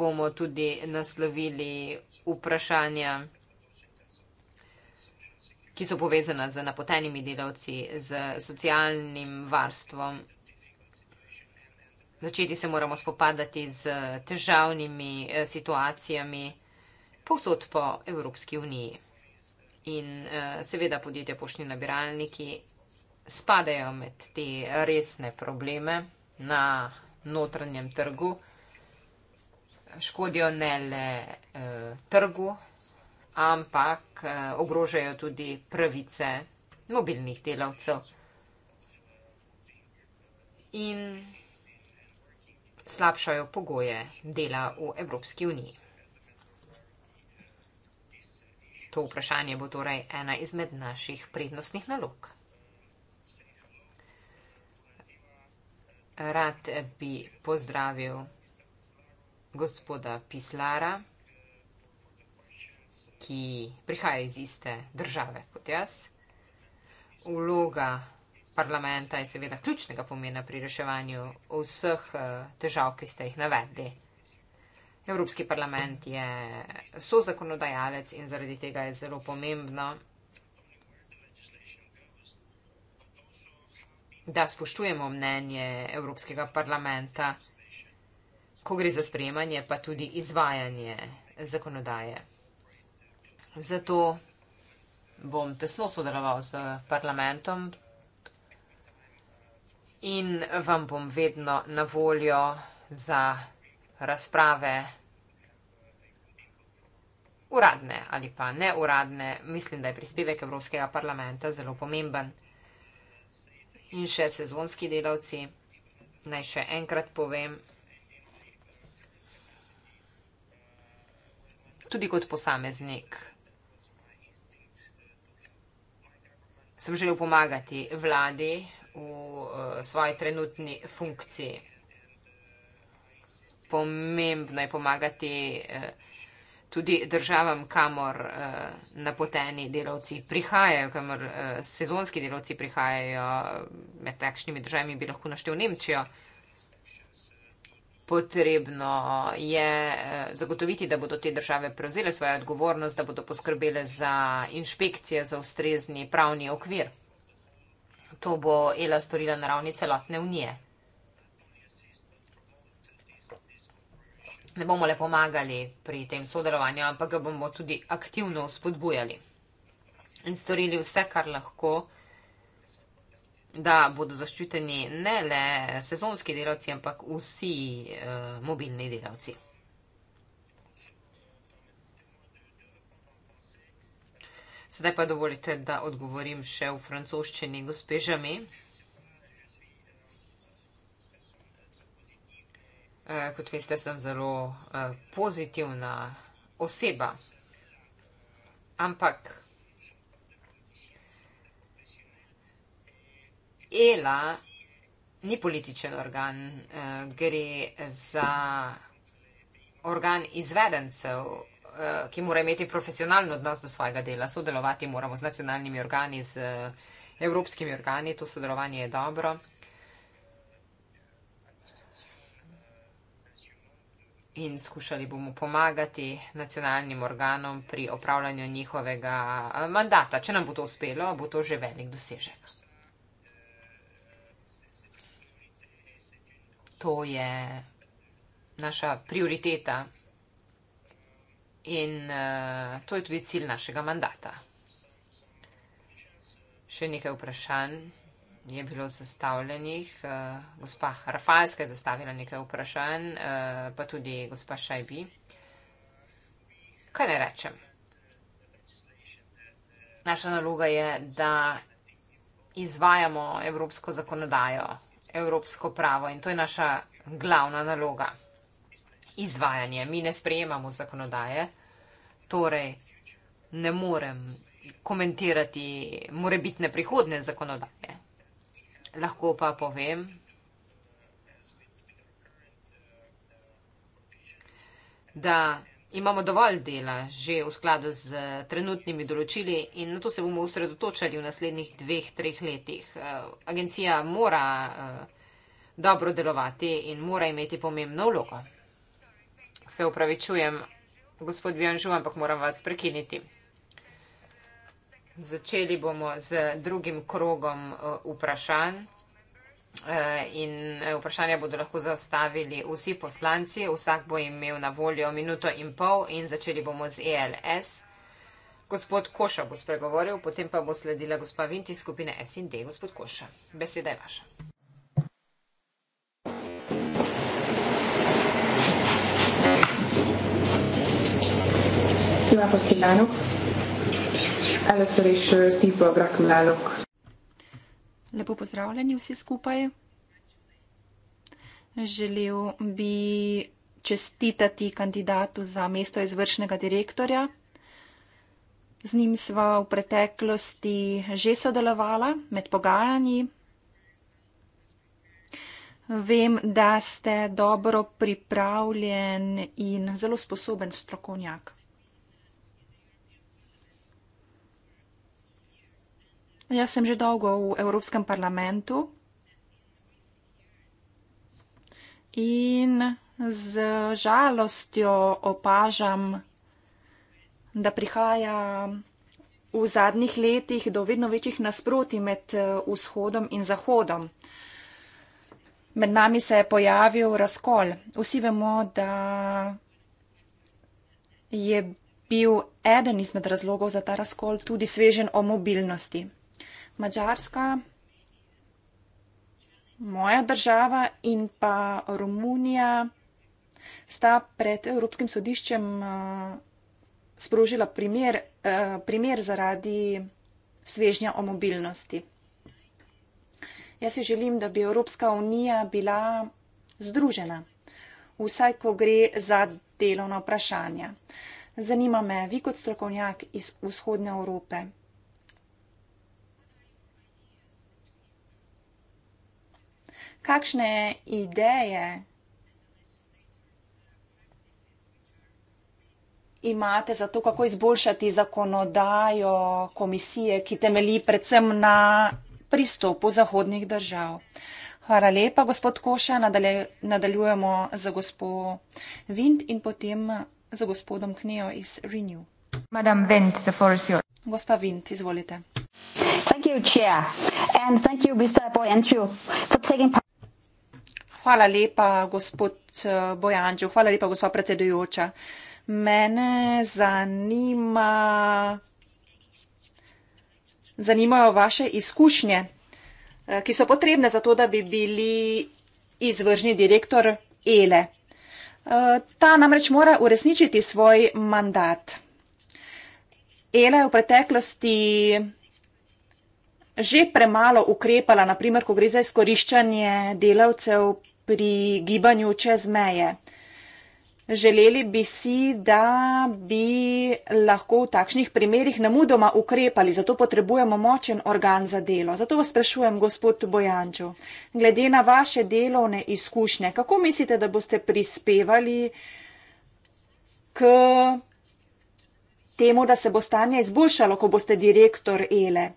bomo tudi naslovili vprašanja ki so povezana z napotenimi delavci, z socialnim varstvom. Začeti se moramo spopadati z težavnimi eh, situacijami povsod po Evropski uniji. In eh, seveda podjetja poštni nabiralniki spadajo med te resne probleme na notranjem trgu, škodijo ne le eh, trgu, ampak eh, ogrožajo tudi pravice mobilnih delavcev. In slabšajo pogoje dela v Evropski uniji. To vprašanje bo torej ena izmed naših prednostnih nalog. Rad bi pozdravil gospoda Pislara ki prihaja iz iste države kot jaz. Vloga parlamenta je seveda ključnega pomena pri reševanju vseh eh, težav, ki ste jih navedli. Evropski parlament je sozakonodajalec in zaradi tega je zelo pomembno, da spoštujemo mnenje Evropskega parlamenta, ko gre za sprejemanje, pa tudi izvajanje zakonodaje. Zato bom tesno sodeloval z parlamentom in vam bom vedno na voljo za razprave uradne ali pa neuradne. Mislim, da je prispevek Evropskega parlamenta zelo pomemben. In še sezonski delavci, naj še enkrat povem, tudi kot posameznik, sem želel pomagati vladi v eh, svoji trenutni funkciji. Pomembno je pomagati eh, tudi državam, kamor eh, napoteni delavci prihajajo, kamor sezonski delavci prihajajo med takšnimi državami, bi lahko naštel Nemčijo potrebno je eh, zagotoviti, da bodo te države prevzele svojo odgovornost, da bodo poskrbele za inšpekcije, za ustrezni pravni okvir. To bo ELA storila na ravni celotne unije. Ne bomo le pomagali pri tem sodelovanju, ampak ga bomo tudi aktivno spodbujali in storili vse, kar lahko da bodo zaščiteni ne le sezonski delavci, ampak vsi uh, mobilni delavci. Sedaj pa dovolite, da odgovorim še v francoščini gospežami. Eh, kot veste, sem zelo eh, pozitivna oseba, ampak Ela ni političen organ, eh, gre za organ izvedencev, eh, ki mora imeti profesionalen odnos do svojega dela. Sodelovati moramo z nacionalnimi organi, z eh, evropskimi organi, to sodelovanje je dobro. In skušali bomo pomagati nacionalnim organom pri opravljanju njihovega mandata. Če nam bo to uspelo, bo to že velik dosežek. to je naša prioriteta in uh, to je tudi cilj našega mandata. Še nekaj vprašanj je bilo zastavljenih. Uh, gospa Rafalska je zastavila nekaj vprašanj, uh, pa tudi gospa Šajbi. Kaj ne rečem? Naša naloga je, da izvajamo evropsko zakonodajo evropsko pravo in to je naša glavna naloga. Izvajanje. Mi ne sprejemamo zakonodaje, torej ne morem komentirati morebitne prihodne zakonodaje. Lahko pa povem, da imamo dovolj dela že v skladu z trenutnimi določili in na to se bomo usredotočali v naslednjih dveh, treh letih. Eh, agencija mora eh, dobro delovati in mora imeti pomembno vlogo. Se upravičujem, gospod Bjanžu, ampak moram vas prekiniti. Začeli bomo z drugim krogom eh, vprašanj. Eh, in eh, vprašanja bodo lahko zastavili vsi poslanci. Vsak bo imel na voljo minuto in pol in začeli bomo z ELS. Gospod Koša bo spregovoril, potem pa bo sledila gospa Vinti skupine SND. Gospod Koša, beseda je vaša. Jó napot kívánok! Először is szívből gratulálok Lepo pozdravljeni vsi skupaj. Želel bi čestitati kandidatu za mesto izvršnega direktorja. Z njim sva v preteklosti že sodelovala med pogajanji. Vem, da ste dobro pripravljen in zelo sposoben strokovnjak. Ja sem že dolgo v Evropskem parlamentu in z žalostjo opažam, da prihaja v zadnjih letih do vedno večjih nasproti med eh, vzhodom in zahodom. Med nami se je pojavil razkol. Vsi vemo, da je bil eden izmed razlogov za ta razkol tudi svežen o mobilnosti. Mačarska, moja država in pa Romunija sta pred Evropskim sodiščem eh, sprožila primer, eh, primer zaradi svežnja o mobilnosti. Jaz si želim, da bi Evropska unija bila združena, vsaj ko gre za delovna vprašanja. Zanima me, vi kot strokovnjak iz vzhodne Evrope, kakšne ideje imate za to, kako izboljšati zakonodajo komisije, ki temeli predvsem na pristopu zahodnih držav. Hvala lepa, gospod Koša. Nadalje, nadaljujemo za gospod Vind in potem za gospodom Knejo iz Renew. Madam Vind, the floor is yours. Gospa Vind, izvolite. Thank you, Chair. And thank you, Mr. Boyanchu, for taking part. Hvala lepa, gospod eh, Bojanđev, hvala lepa, gospa predsedujoča. Mene zanima, zanimajo vaše izkušnje, eh, ki so potrebne za to, da bi bili izvržni direktor ELE. Eh, ta namreč mora uresničiti svoj mandat. ELA je v preteklosti že premalo ukrepala, naprimer, ko gre za izkoriščanje delavcev pri gibanju čez meje. Želeli bi si, da bi lahko v takšnih primerih namudoma ukrepali, zato potrebujemo močen organ za delo. Zato vas sprašujem, gospod Bojanču, glede na vaše delovne izkušnje, kako mislite, da boste prispevali k temu, da se bo stanje izboljšalo, ko boste direktor ELE?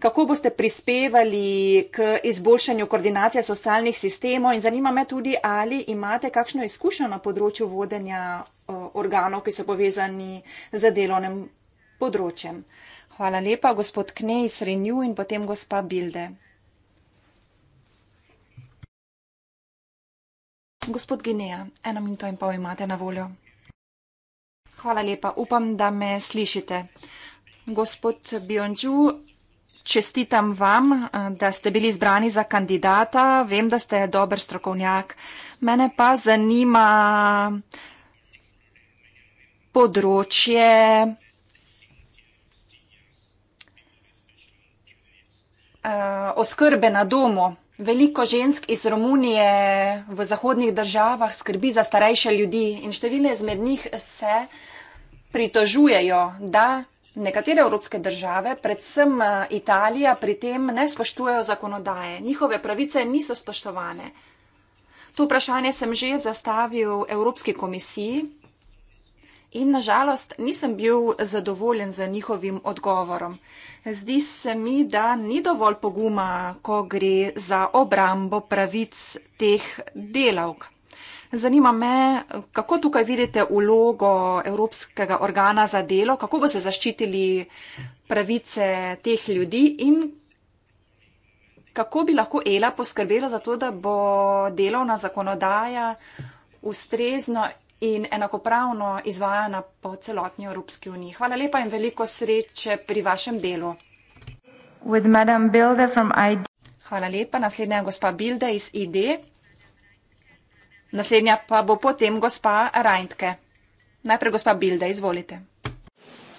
kako boste prispevali k izboljšanju koordinacije socialnih sistemov in zanima me tudi, ali imate kakšno izkušnjo na področju vodenja eh, organov, ki so povezani z delovnim področjem. Hvala lepa, gospod Knej iz Renju in potem gospa Bilde. Gospod Gineja, eno minuto in pol imate na voljo. Hvala lepa, upam, da me slišite. Gospod Bionđu, čestitam vam, eh, da ste bili izbrani za kandidata. Vem, da ste dober strokovnjak. Mene pa zanima področje. Eh, oskrbe na domu. Veliko žensk iz Romunije v zahodnih državah skrbi za starejše ljudi in številne izmed njih se pritožujejo, da Nekatere evropske države, predvsem eh, Italija, pri tem ne spoštujejo zakonodaje. Njihove pravice niso spoštovane. To vprašanje sem že zastavil Evropski komisiji in nažalost nisem bil zadovoljen z njihovim odgovorom. Zdi se mi, da ni dovolj poguma, ko gre za obrambo pravic teh delavk. Zanima me, kako tukaj vidite ulogo Evropskega organa za delo, kako bo se zaščitili pravice teh ljudi in kako bi lahko ELA poskrbela za to, da bo delovna zakonodaja ustrezno in enakopravno izvajana po celotni Evropski uniji. Hvala lepa in veliko sreče pri vašem delu. Hvala lepa, naslednja je gospa Bilde iz IDE. Naslednja pa bo potem gospa Rajntke. Najprej gospa Bilde, izvolite.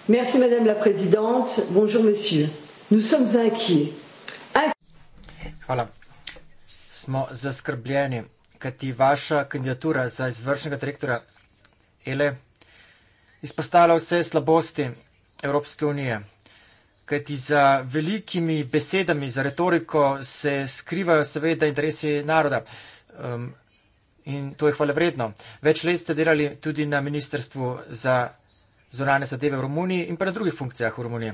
Merci, madame la présidente. Bonjour, monsieur. Nous sommes inquiets. Hvala. Smo zaskrbljeni, kajti vaša kandidatura za izvršnega direktora ELE izpostavlja vse slabosti Evropske unije. Kajti za velikimi besedami, za retoriko se skrivajo seveda interesi naroda. Um, in to je hvale vredno. Več let ste delali tudi na Ministrstvu za zorane zadeve v Romuniji in pa na drugih funkcijah v Romuniji.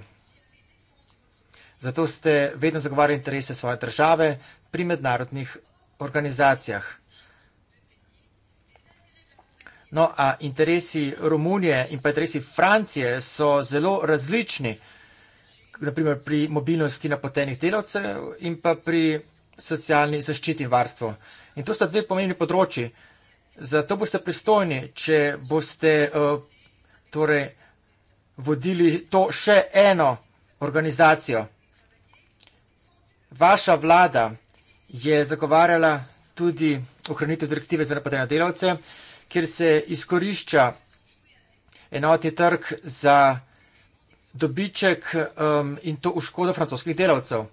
Zato ste vedno zagovarjali interese svoje države pri mednarodnih organizacijah. No, a interesi Romunije in pa interesi Francije so zelo različni, naprimer pri mobilnosti napotenih delavcev in pa pri socialni zaščiti in varstvu. In to sta dve pomembni področji. Zato boste pristojni, če boste uh, torej vodili to še eno organizacijo. Vaša vlada je zagovarjala tudi ohranitev direktive za napadene delavce, kjer se izkorišča enotni trg za dobiček um, in to v škodo francoskih delavcev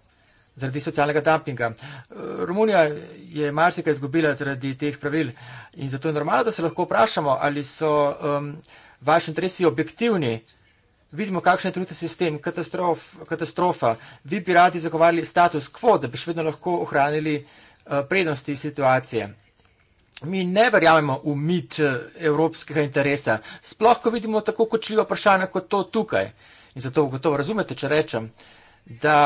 zaradi socialnega dumpinga. Romunija je marsikaj izgubila zaradi teh pravil in zato je normalno, da se lahko vprašamo, ali so um, vaši interesi objektivni. Vidimo, kakšen je trenutni sistem, katastrof, katastrofa. Vi bi radi zagovarjali status quo, da bi še vedno lahko ohranili uh, prednosti situacije. Mi ne verjamemo v mit uh, evropskega interesa, sploh, ko vidimo tako kočljiva vprašanja kot to tukaj. In zato gotovo razumete, če rečem, da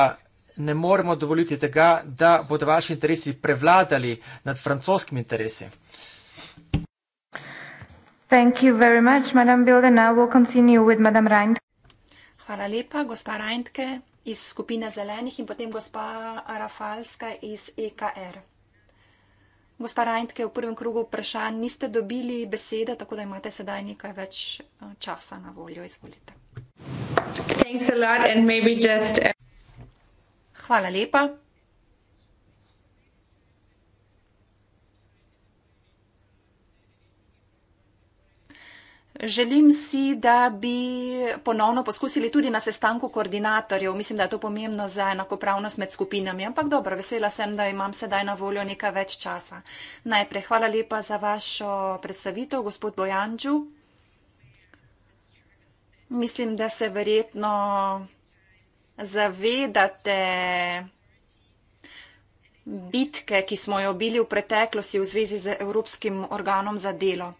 ne moremo dovoliti tega, da bodo vaši interesi prevladali nad francoskimi interesi. Much, Hvala lepa, gospa Reintke iz skupine Zelenih in potem gospa Rafalska iz EKR. Gospa Reintke, v prvem krogu vprašanj niste dobili besede, tako da imate sedaj nekaj več eh, časa na voljo. Izvolite. Thanks a lot and maybe just. Uh... Hvala lepa. Želim si, da bi ponovno poskusili tudi na sestanku koordinatorjev. Mislim, da je to pomembno za enakopravnost med skupinami, ampak dobro, vesela sem, da imam sedaj na voljo nekaj več časa. Najprej hvala lepa za vašo predstavitev, gospod Bojanđu. Mislim, da se verjetno zavedate bitke, ki smo jo bili v preteklosti v zvezi z Evropskim organom za delo.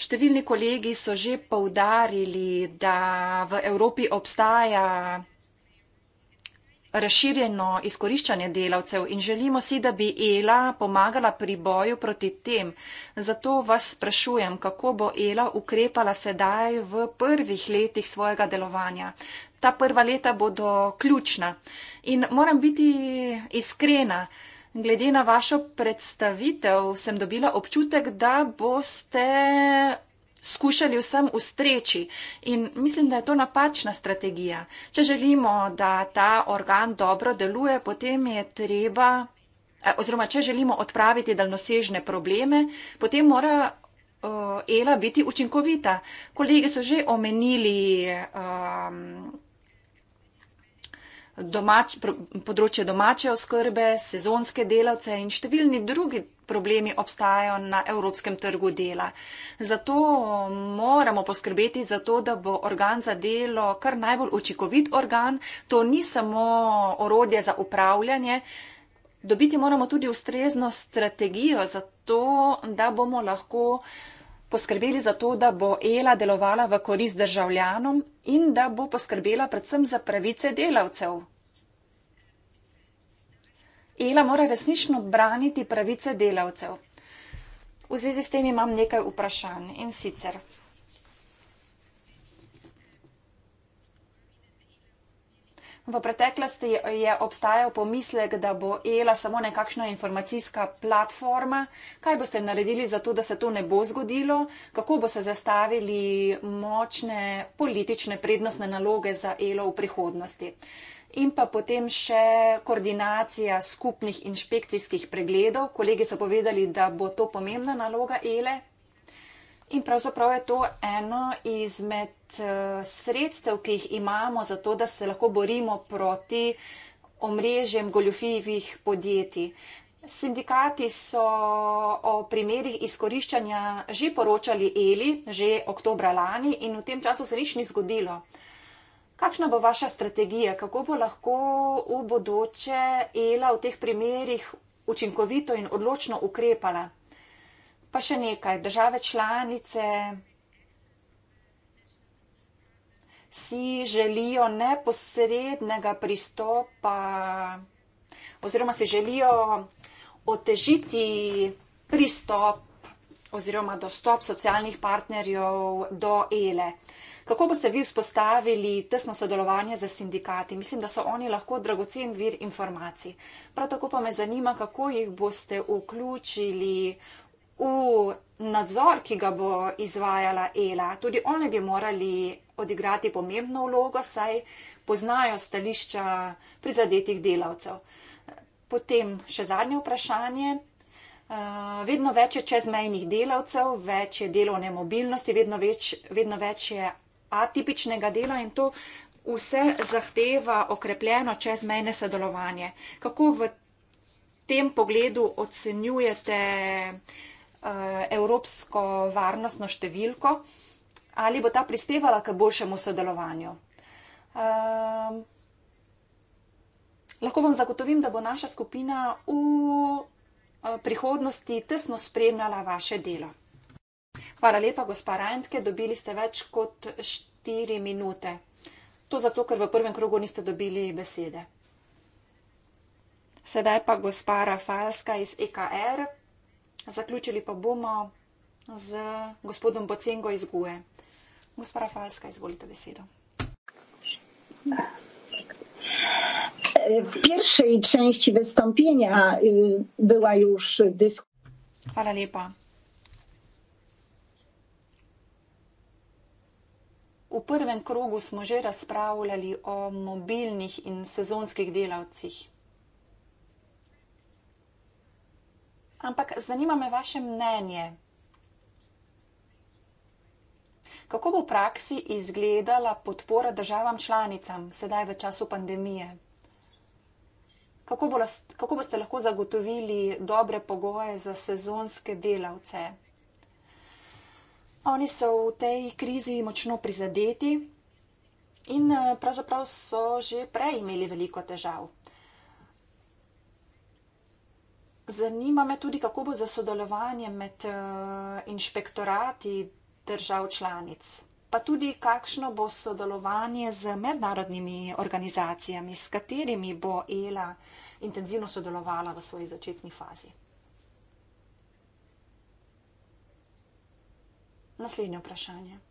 Številni kolegi so že poudarili, da v Evropi obstaja razširjeno izkoriščanje delavcev in želimo si, da bi ELA pomagala pri boju proti tem. Zato vas sprašujem, kako bo ELA ukrepala sedaj v prvih letih svojega delovanja ta prva leta bodo ključna. In moram biti iskrena, glede na vašo predstavitev sem dobila občutek, da boste skušali vsem ustreči. In mislim, da je to napačna strategija. Če želimo, da ta organ dobro deluje, potem je treba, eh, oziroma če želimo odpraviti daljnosežne probleme, potem mora. Eh, Ela biti učinkovita. Kolegi so že omenili um, domač, področje domače oskrbe, sezonske delavce in številni drugi problemi obstajajo na evropskem trgu dela. Zato moramo poskrbeti za to, da bo organ za delo kar najbolj učinkovit organ. To ni samo orodje za upravljanje. Dobiti moramo tudi ustrezno strategijo za to, da bomo lahko poskrbeli za to, da bo ELA delovala v korist državljanom in da bo poskrbela predvsem za pravice delavcev. ELA mora resnično braniti pravice delavcev. V zvezi s tem imam nekaj vprašanj in sicer. V preteklosti je obstajal pomislek, da bo ELA samo nekakšna informacijska platforma. Kaj boste naredili za to, da se to ne bo zgodilo? Kako boste zastavili močne politične prednostne naloge za ELO v prihodnosti? In pa potem še koordinacija skupnih inšpekcijskih pregledov. Kolegi so povedali, da bo to pomembna naloga ELE. In pravzaprav je to eno izmed eh, sredstev, ki jih imamo za to, da se lahko borimo proti omrežjem goljofivih podjetij. Sindikati so o primerih izkoriščanja že poročali Eli, že oktober lani in v tem času se nič ni zgodilo. Kakšna bo vaša strategija, kako bo lahko v bodoče Ela v teh primerih učinkovito in odločno ukrepala? Pa še nekaj, države članice si želijo neposrednega pristopa oziroma si želijo otežiti pristop oziroma dostop socialnih partnerjev do ELE. Kako boste vi vzpostavili tesno sodelovanje za sindikati? Mislim, da so oni lahko dragocen vir informacij. Prav tako pa me zanima, kako jih boste vključili v nadzor, ki ga bo izvajala Ela. Tudi oni bi morali odigrati pomembno vlogo, saj poznajo stališča prizadetih delavcev. Potem še zadnje vprašanje. Eh, vedno več je čezmejnih delavcev, več je delovne mobilnosti, vedno več, vedno več je atipičnega dela in to vse zahteva okrepljeno čezmejne sodelovanje. Kako v tem pogledu ocenjujete uh, Eh, evropsko varnostno številko, ali bo ta prispevala k boljšemu sodelovanju. Um, lahko vam zagotovim, da bo naša skupina v eh, prihodnosti tesno spremljala vaše delo. Hvala lepa, gospa Rajntke, dobili ste več kot 4 minute. To zato, ker v prvem krogu niste dobili besede. Sedaj pa gospa Rafalska iz EKR, zaključili pa bomo z gospodom Bocengo iz Gue. Gospoda Falska, izvolite besedo. V prvi časti vstopanja bila už diskusija. Hvala lepa. V prvem krogu smo že razpravljali o mobilnih in sezonskih delavcih. Ampak zanima me vaše mnenje. Kako bo v praksi izgledala podpora državam članicam sedaj v času pandemije? Kako, bo, kako boste lahko zagotovili dobre pogoje za sezonske delavce? Oni so v tej krizi močno prizadeti in eh, pravzaprav so že prej imeli veliko težav. Zanima me tudi, kako bo za sodelovanje med uh, inšpektorati držav članic, pa tudi kakšno bo sodelovanje z mednarodnimi organizacijami, s katerimi bo ELA intenzivno sodelovala v svoji začetni fazi. Naslednje vprašanje.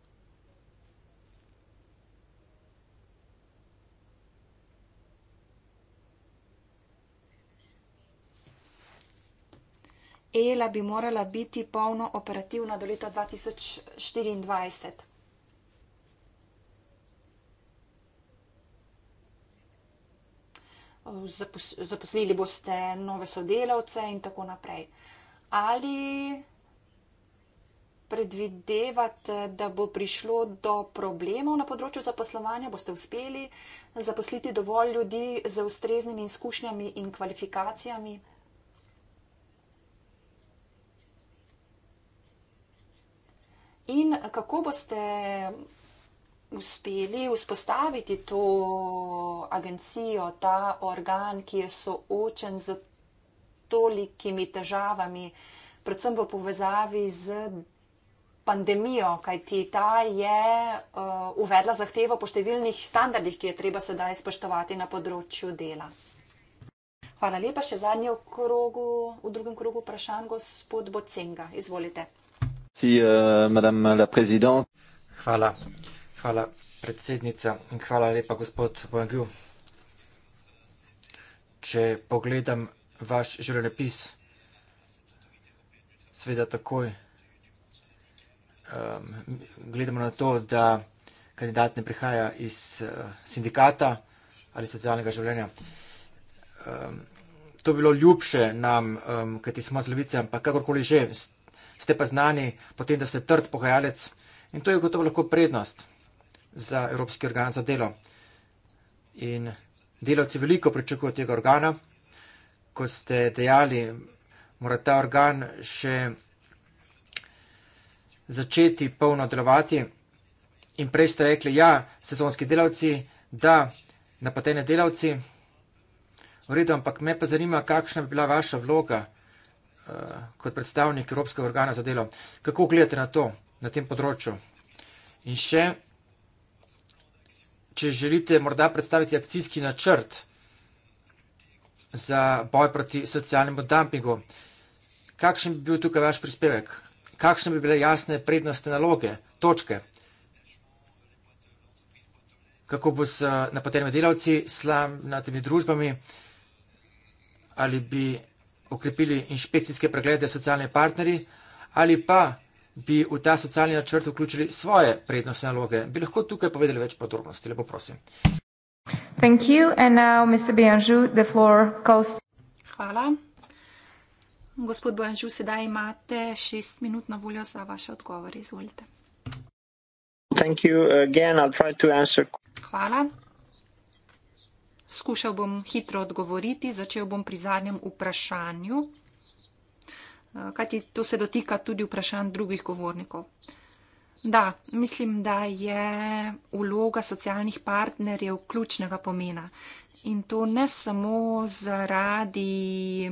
Ela bi morala biti polno operativna do leta 2024. Zaposlili boste nove sodelavce in tako naprej. Ali predvidevate, da bo prišlo do problemov na področju zaposlovanja, boste uspeli zaposliti dovolj ljudi z ustreznimi izkušnjami in kvalifikacijami? In kako boste uspeli vzpostaviti to agencijo, ta organ, ki je soočen z tolikimi težavami, predvsem v povezavi z pandemijo, kajti ta je uh, uvedla zahtevo po številnih standardih, ki je treba sedaj spoštovati na področju dela. Hvala lepa. Še zadnje v, krogu, v drugem krogu vprašanj, gospod Bocenga. Izvolite. Merci, uh, madame la présidente. Hvala. Hvala, predsednica. In hvala lepa, gospod Bojangil. Če pogledam vaš življenjepis, seveda takoj um, gledamo na to, da kandidat ne prihaja iz uh, sindikata ali socialnega življenja. Um, to bilo ljubše nam, um, kajti smo z levice, ampak kakorkoli že, ste pa znani potem, da ste trd pogajalec in to je gotovo lahko prednost za Evropski organ za delo. In delavci veliko pričakujo tega organa, ko ste dejali, mora ta organ še začeti polno delovati in prej ste rekli, ja, sezonski delavci, da, napotene delavci, v redu, ampak me pa zanima, kakšna bi bila vaša vloga Eh, kot predstavnik Evropskega organa za delo. Kako gledate na to, na tem področju? In še, če želite morda predstaviti akcijski načrt za boj proti socialnemu dumpingu, kakšen bi bil tukaj vaš prispevek? Kakšne bi bile jasne prednostne naloge, točke? Kako bo z napotenimi delavci, slam nad temi družbami? Ali bi okrepili inšpekcijske preglede socialni partneri ali pa bi v ta socialni načrt vključili svoje prednostne naloge. Bi lahko tukaj povedali več podrobnosti? Lepo prosim. Thank you and now Mr. Bianju, the floor goes. Hvala. Gospod Bojanžu, sedaj imate šest minut na voljo za vaše odgovore. Izvolite. Hvala. Skušal bom hitro odgovoriti, začel bom pri zadnjem vprašanju, eh, kajti to se dotika tudi vprašanj drugih govornikov. Da, mislim, da je vloga socialnih partnerjev ključnega pomena in to ne samo zaradi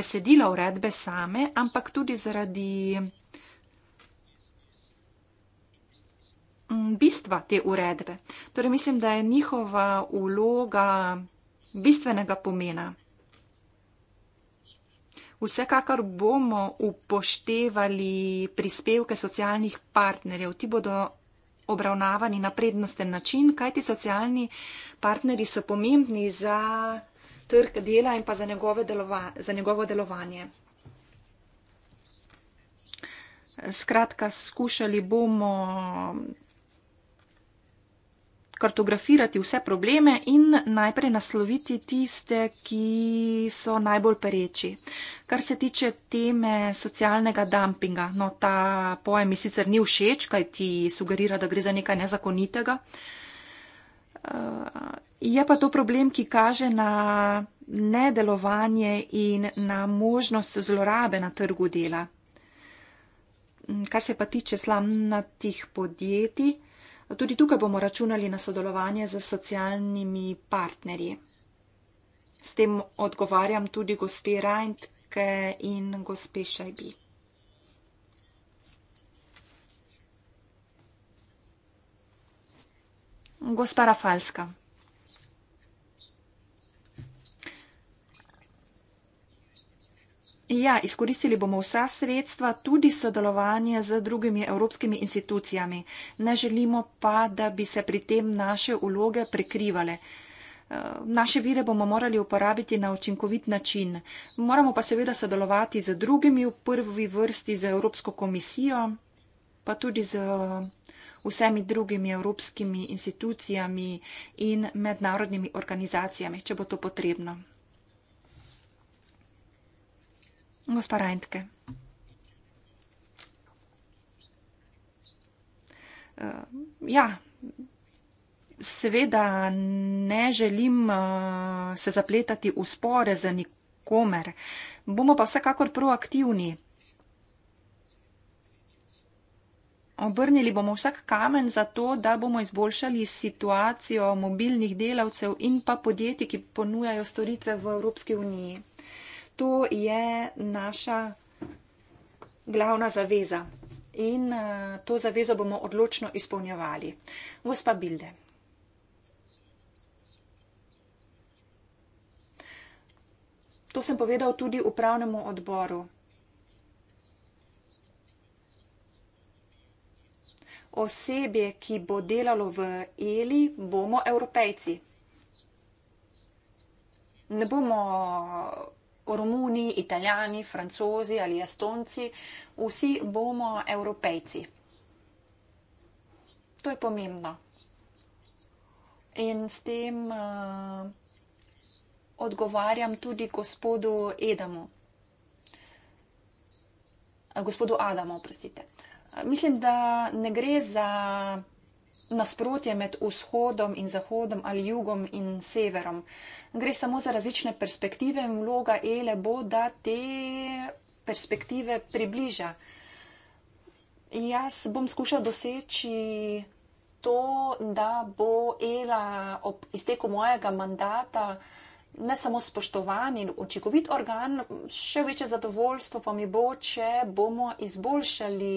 besedila uredbe same, ampak tudi zaradi Mm, bistva te uredbe. Torej, mislim, da je njihova vloga bistvenega pomena. Vsekakor bomo upoštevali prispevke socialnih partnerjev. Ti bodo obravnavani na prednosten način, kajti socialni partnerji so pomembni za trg dela in pa za, delova za njegovo delovanje. Skratka, skušali bomo kartografirati vse probleme in najprej nasloviti tiste, ki so najbolj pereči. Kar se tiče teme socialnega dumpinga, no ta pojem mi sicer ni všeč, kaj ti sugerira, da gre za nekaj nezakonitega. Eh, je pa to problem, ki kaže na nedelovanje in na možnost zlorabe na trgu dela. Kar se pa tiče slamnatih podjetij, Tudi tukaj bomo računali na sodelovanje z socialnimi partnerji. S tem odgovarjam tudi gospe Reintke in gospe Šajbi. Gospa Rafalska. Ja, izkoristili bomo vsa sredstva, tudi sodelovanje z drugimi evropskimi institucijami. Ne želimo pa, da bi se pri tem naše uloge prekrivale. Eh, naše vire bomo morali uporabiti na učinkovit način. Moramo pa seveda sodelovati z drugimi v prvi vrsti, z Evropsko komisijo, pa tudi z eh, vsemi drugimi evropskimi institucijami in mednarodnimi organizacijami, če bo to potrebno. Gospa Rajntke. Uh, eh, ja, seveda ne želim uh, se zapletati v spore za nikomer. Bomo pa vsekakor proaktivni. Obrnili bomo vsak kamen za to, da bomo izboljšali situacijo mobilnih delavcev in pa podjetij, ki ponujajo storitve v Evropski uniji. Uh, To je naša glavna zaveza in uh, to zavezo bomo odločno izpolnjevali. Gospa Bilde. To sem povedal tudi upravnemu odboru. Osebje, ki bo delalo v Eli, bomo evropejci. Ne bomo Romuni, Italijani, Francozi ali Estonci, vsi bomo Evropejci. To je pomembno. In s tem uh, odgovarjam tudi gospodu Edamu. Eh, gospodu Adamu, oprostite. Eh, mislim, da ne gre za nasprotje med vzhodom in zahodom ali jugom in severom. Gre samo za različne perspektive in vloga Ele bo, da te perspektive približa. Jaz bom skušal doseči to, da bo Ela ob izteku mojega mandata uh, ne samo spoštovan in očigovit organ, še večje zadovoljstvo pa mi bo, če bomo izboljšali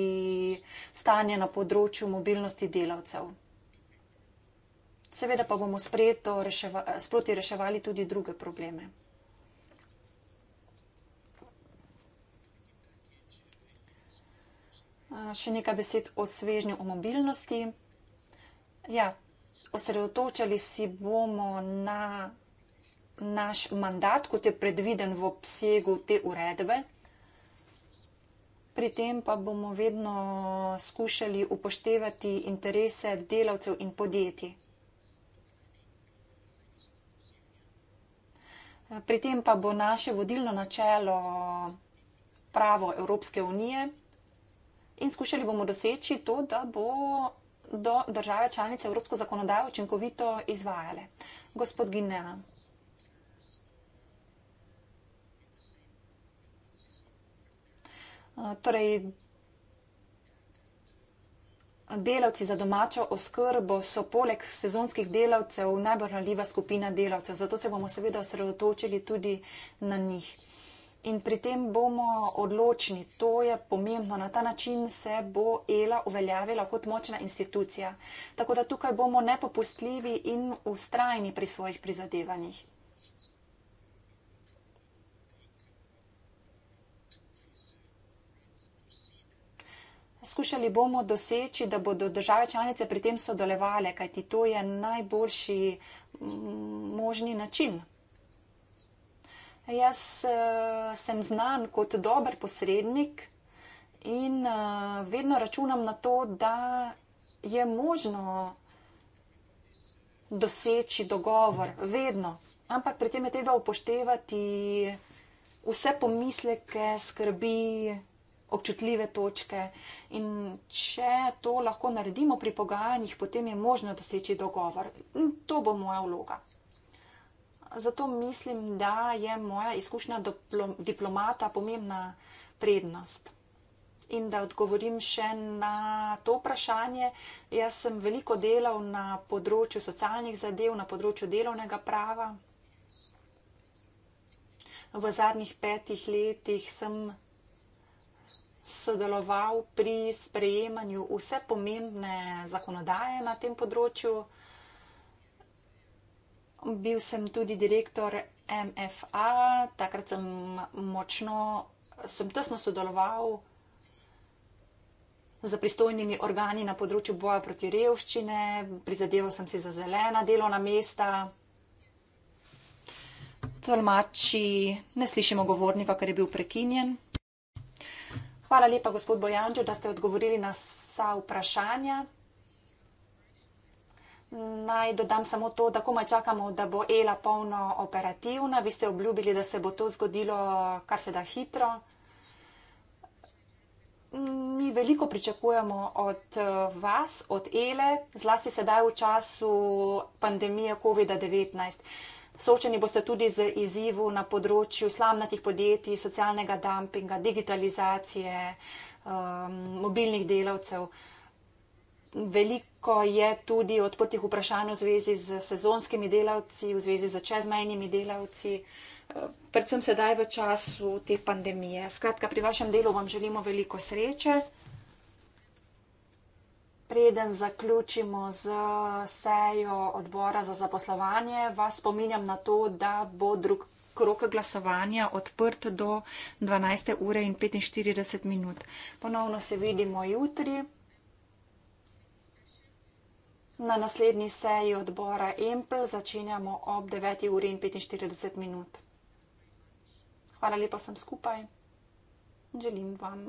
stanje na področju mobilnosti delavcev. Seveda pa bomo spreto reševa, sproti reševali tudi druge probleme. Še nekaj besed o svežnju o mobilnosti. Ja, osredotočali si bomo na naš mandat, kot je predviden v obsegu te uredbe. Pri tem pa bomo vedno skušali upoštevati interese delavcev in podjetij. Pri tem pa bo naše vodilno načelo pravo Evropske unije in skušali bomo doseči to, da bo do države članice Evropsko zakonodajo učinkovito izvajale. Gospod Ginea, Eh, torej, delavci za domačo oskrbo so poleg sezonskih delavcev najbolj ranljiva skupina delavcev, zato se bomo seveda osredotočili tudi na njih. In pri tem bomo odločni, to je pomembno, na ta način se bo ELA uveljavila kot močna institucija. Tako da tukaj bomo nepopustljivi in ustrajni pri svojih prizadevanjih. Skušali bomo doseči, da bodo države članice pri tem sodelovali, kajti to je najboljši mm, možni način. Jaz eh, sem znan kot dober posrednik in eh, vedno računam na to, da je možno doseči dogovor, vedno. Ampak pri tem je treba upoštevati vse pomisleke, skrbi občutljive točke. In če to lahko naredimo pri pogajanjih, potem je možno doseči dogovor. In to bo moja vloga. Zato mislim, da je moja izkušnja diplom diplomata pomembna prednost. In da odgovorim še na to vprašanje. Jaz sem veliko delal na področju socialnih zadev, na področju delovnega prava. V zadnjih petih letih sem sodeloval pri sprejemanju vse pomembne zakonodaje na tem področju. Bil sem tudi direktor MFA, takrat sem močno, sem tesno sodeloval z pristojnimi organi na področju boja proti revščine, prizadeval sem si za zelena delovna mesta. Tolmači, ne slišimo govornika, ker je bil prekinjen. Hvala lepa, gospod Bojanđo, da ste odgovorili na vsa vprašanja. Naj dodam samo to, da komaj čakamo, da bo ELA polno operativna. Vi ste obljubili, da se bo to zgodilo kar se da hitro. Mi veliko pričakujemo od vas, od ELE, zlasti sedaj v času pandemije COVID-19. Soočeni boste tudi z izzivu na področju slamnatih podjetij, socialnega dumpinga, digitalizacije, um, mobilnih delavcev. Veliko je tudi odprtih vprašanj v zvezi z sezonskimi delavci, v zvezi z čezmejnimi delavci, uh, predvsem sedaj v času te pandemije. Skratka, pri vašem delu vam želimo veliko sreče. Preden zaključimo z sejo odbora za zaposlovanje, vas spominjam na to, da bo drug krok glasovanja odprt do 12. ure in 45 minut. Ponovno se vidimo jutri na naslednji seji odbora Empl. Začenjamo ob 9. uri in 45 minut. Hvala lepa sem skupaj. Želim vam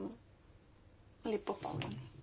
lepo povrn.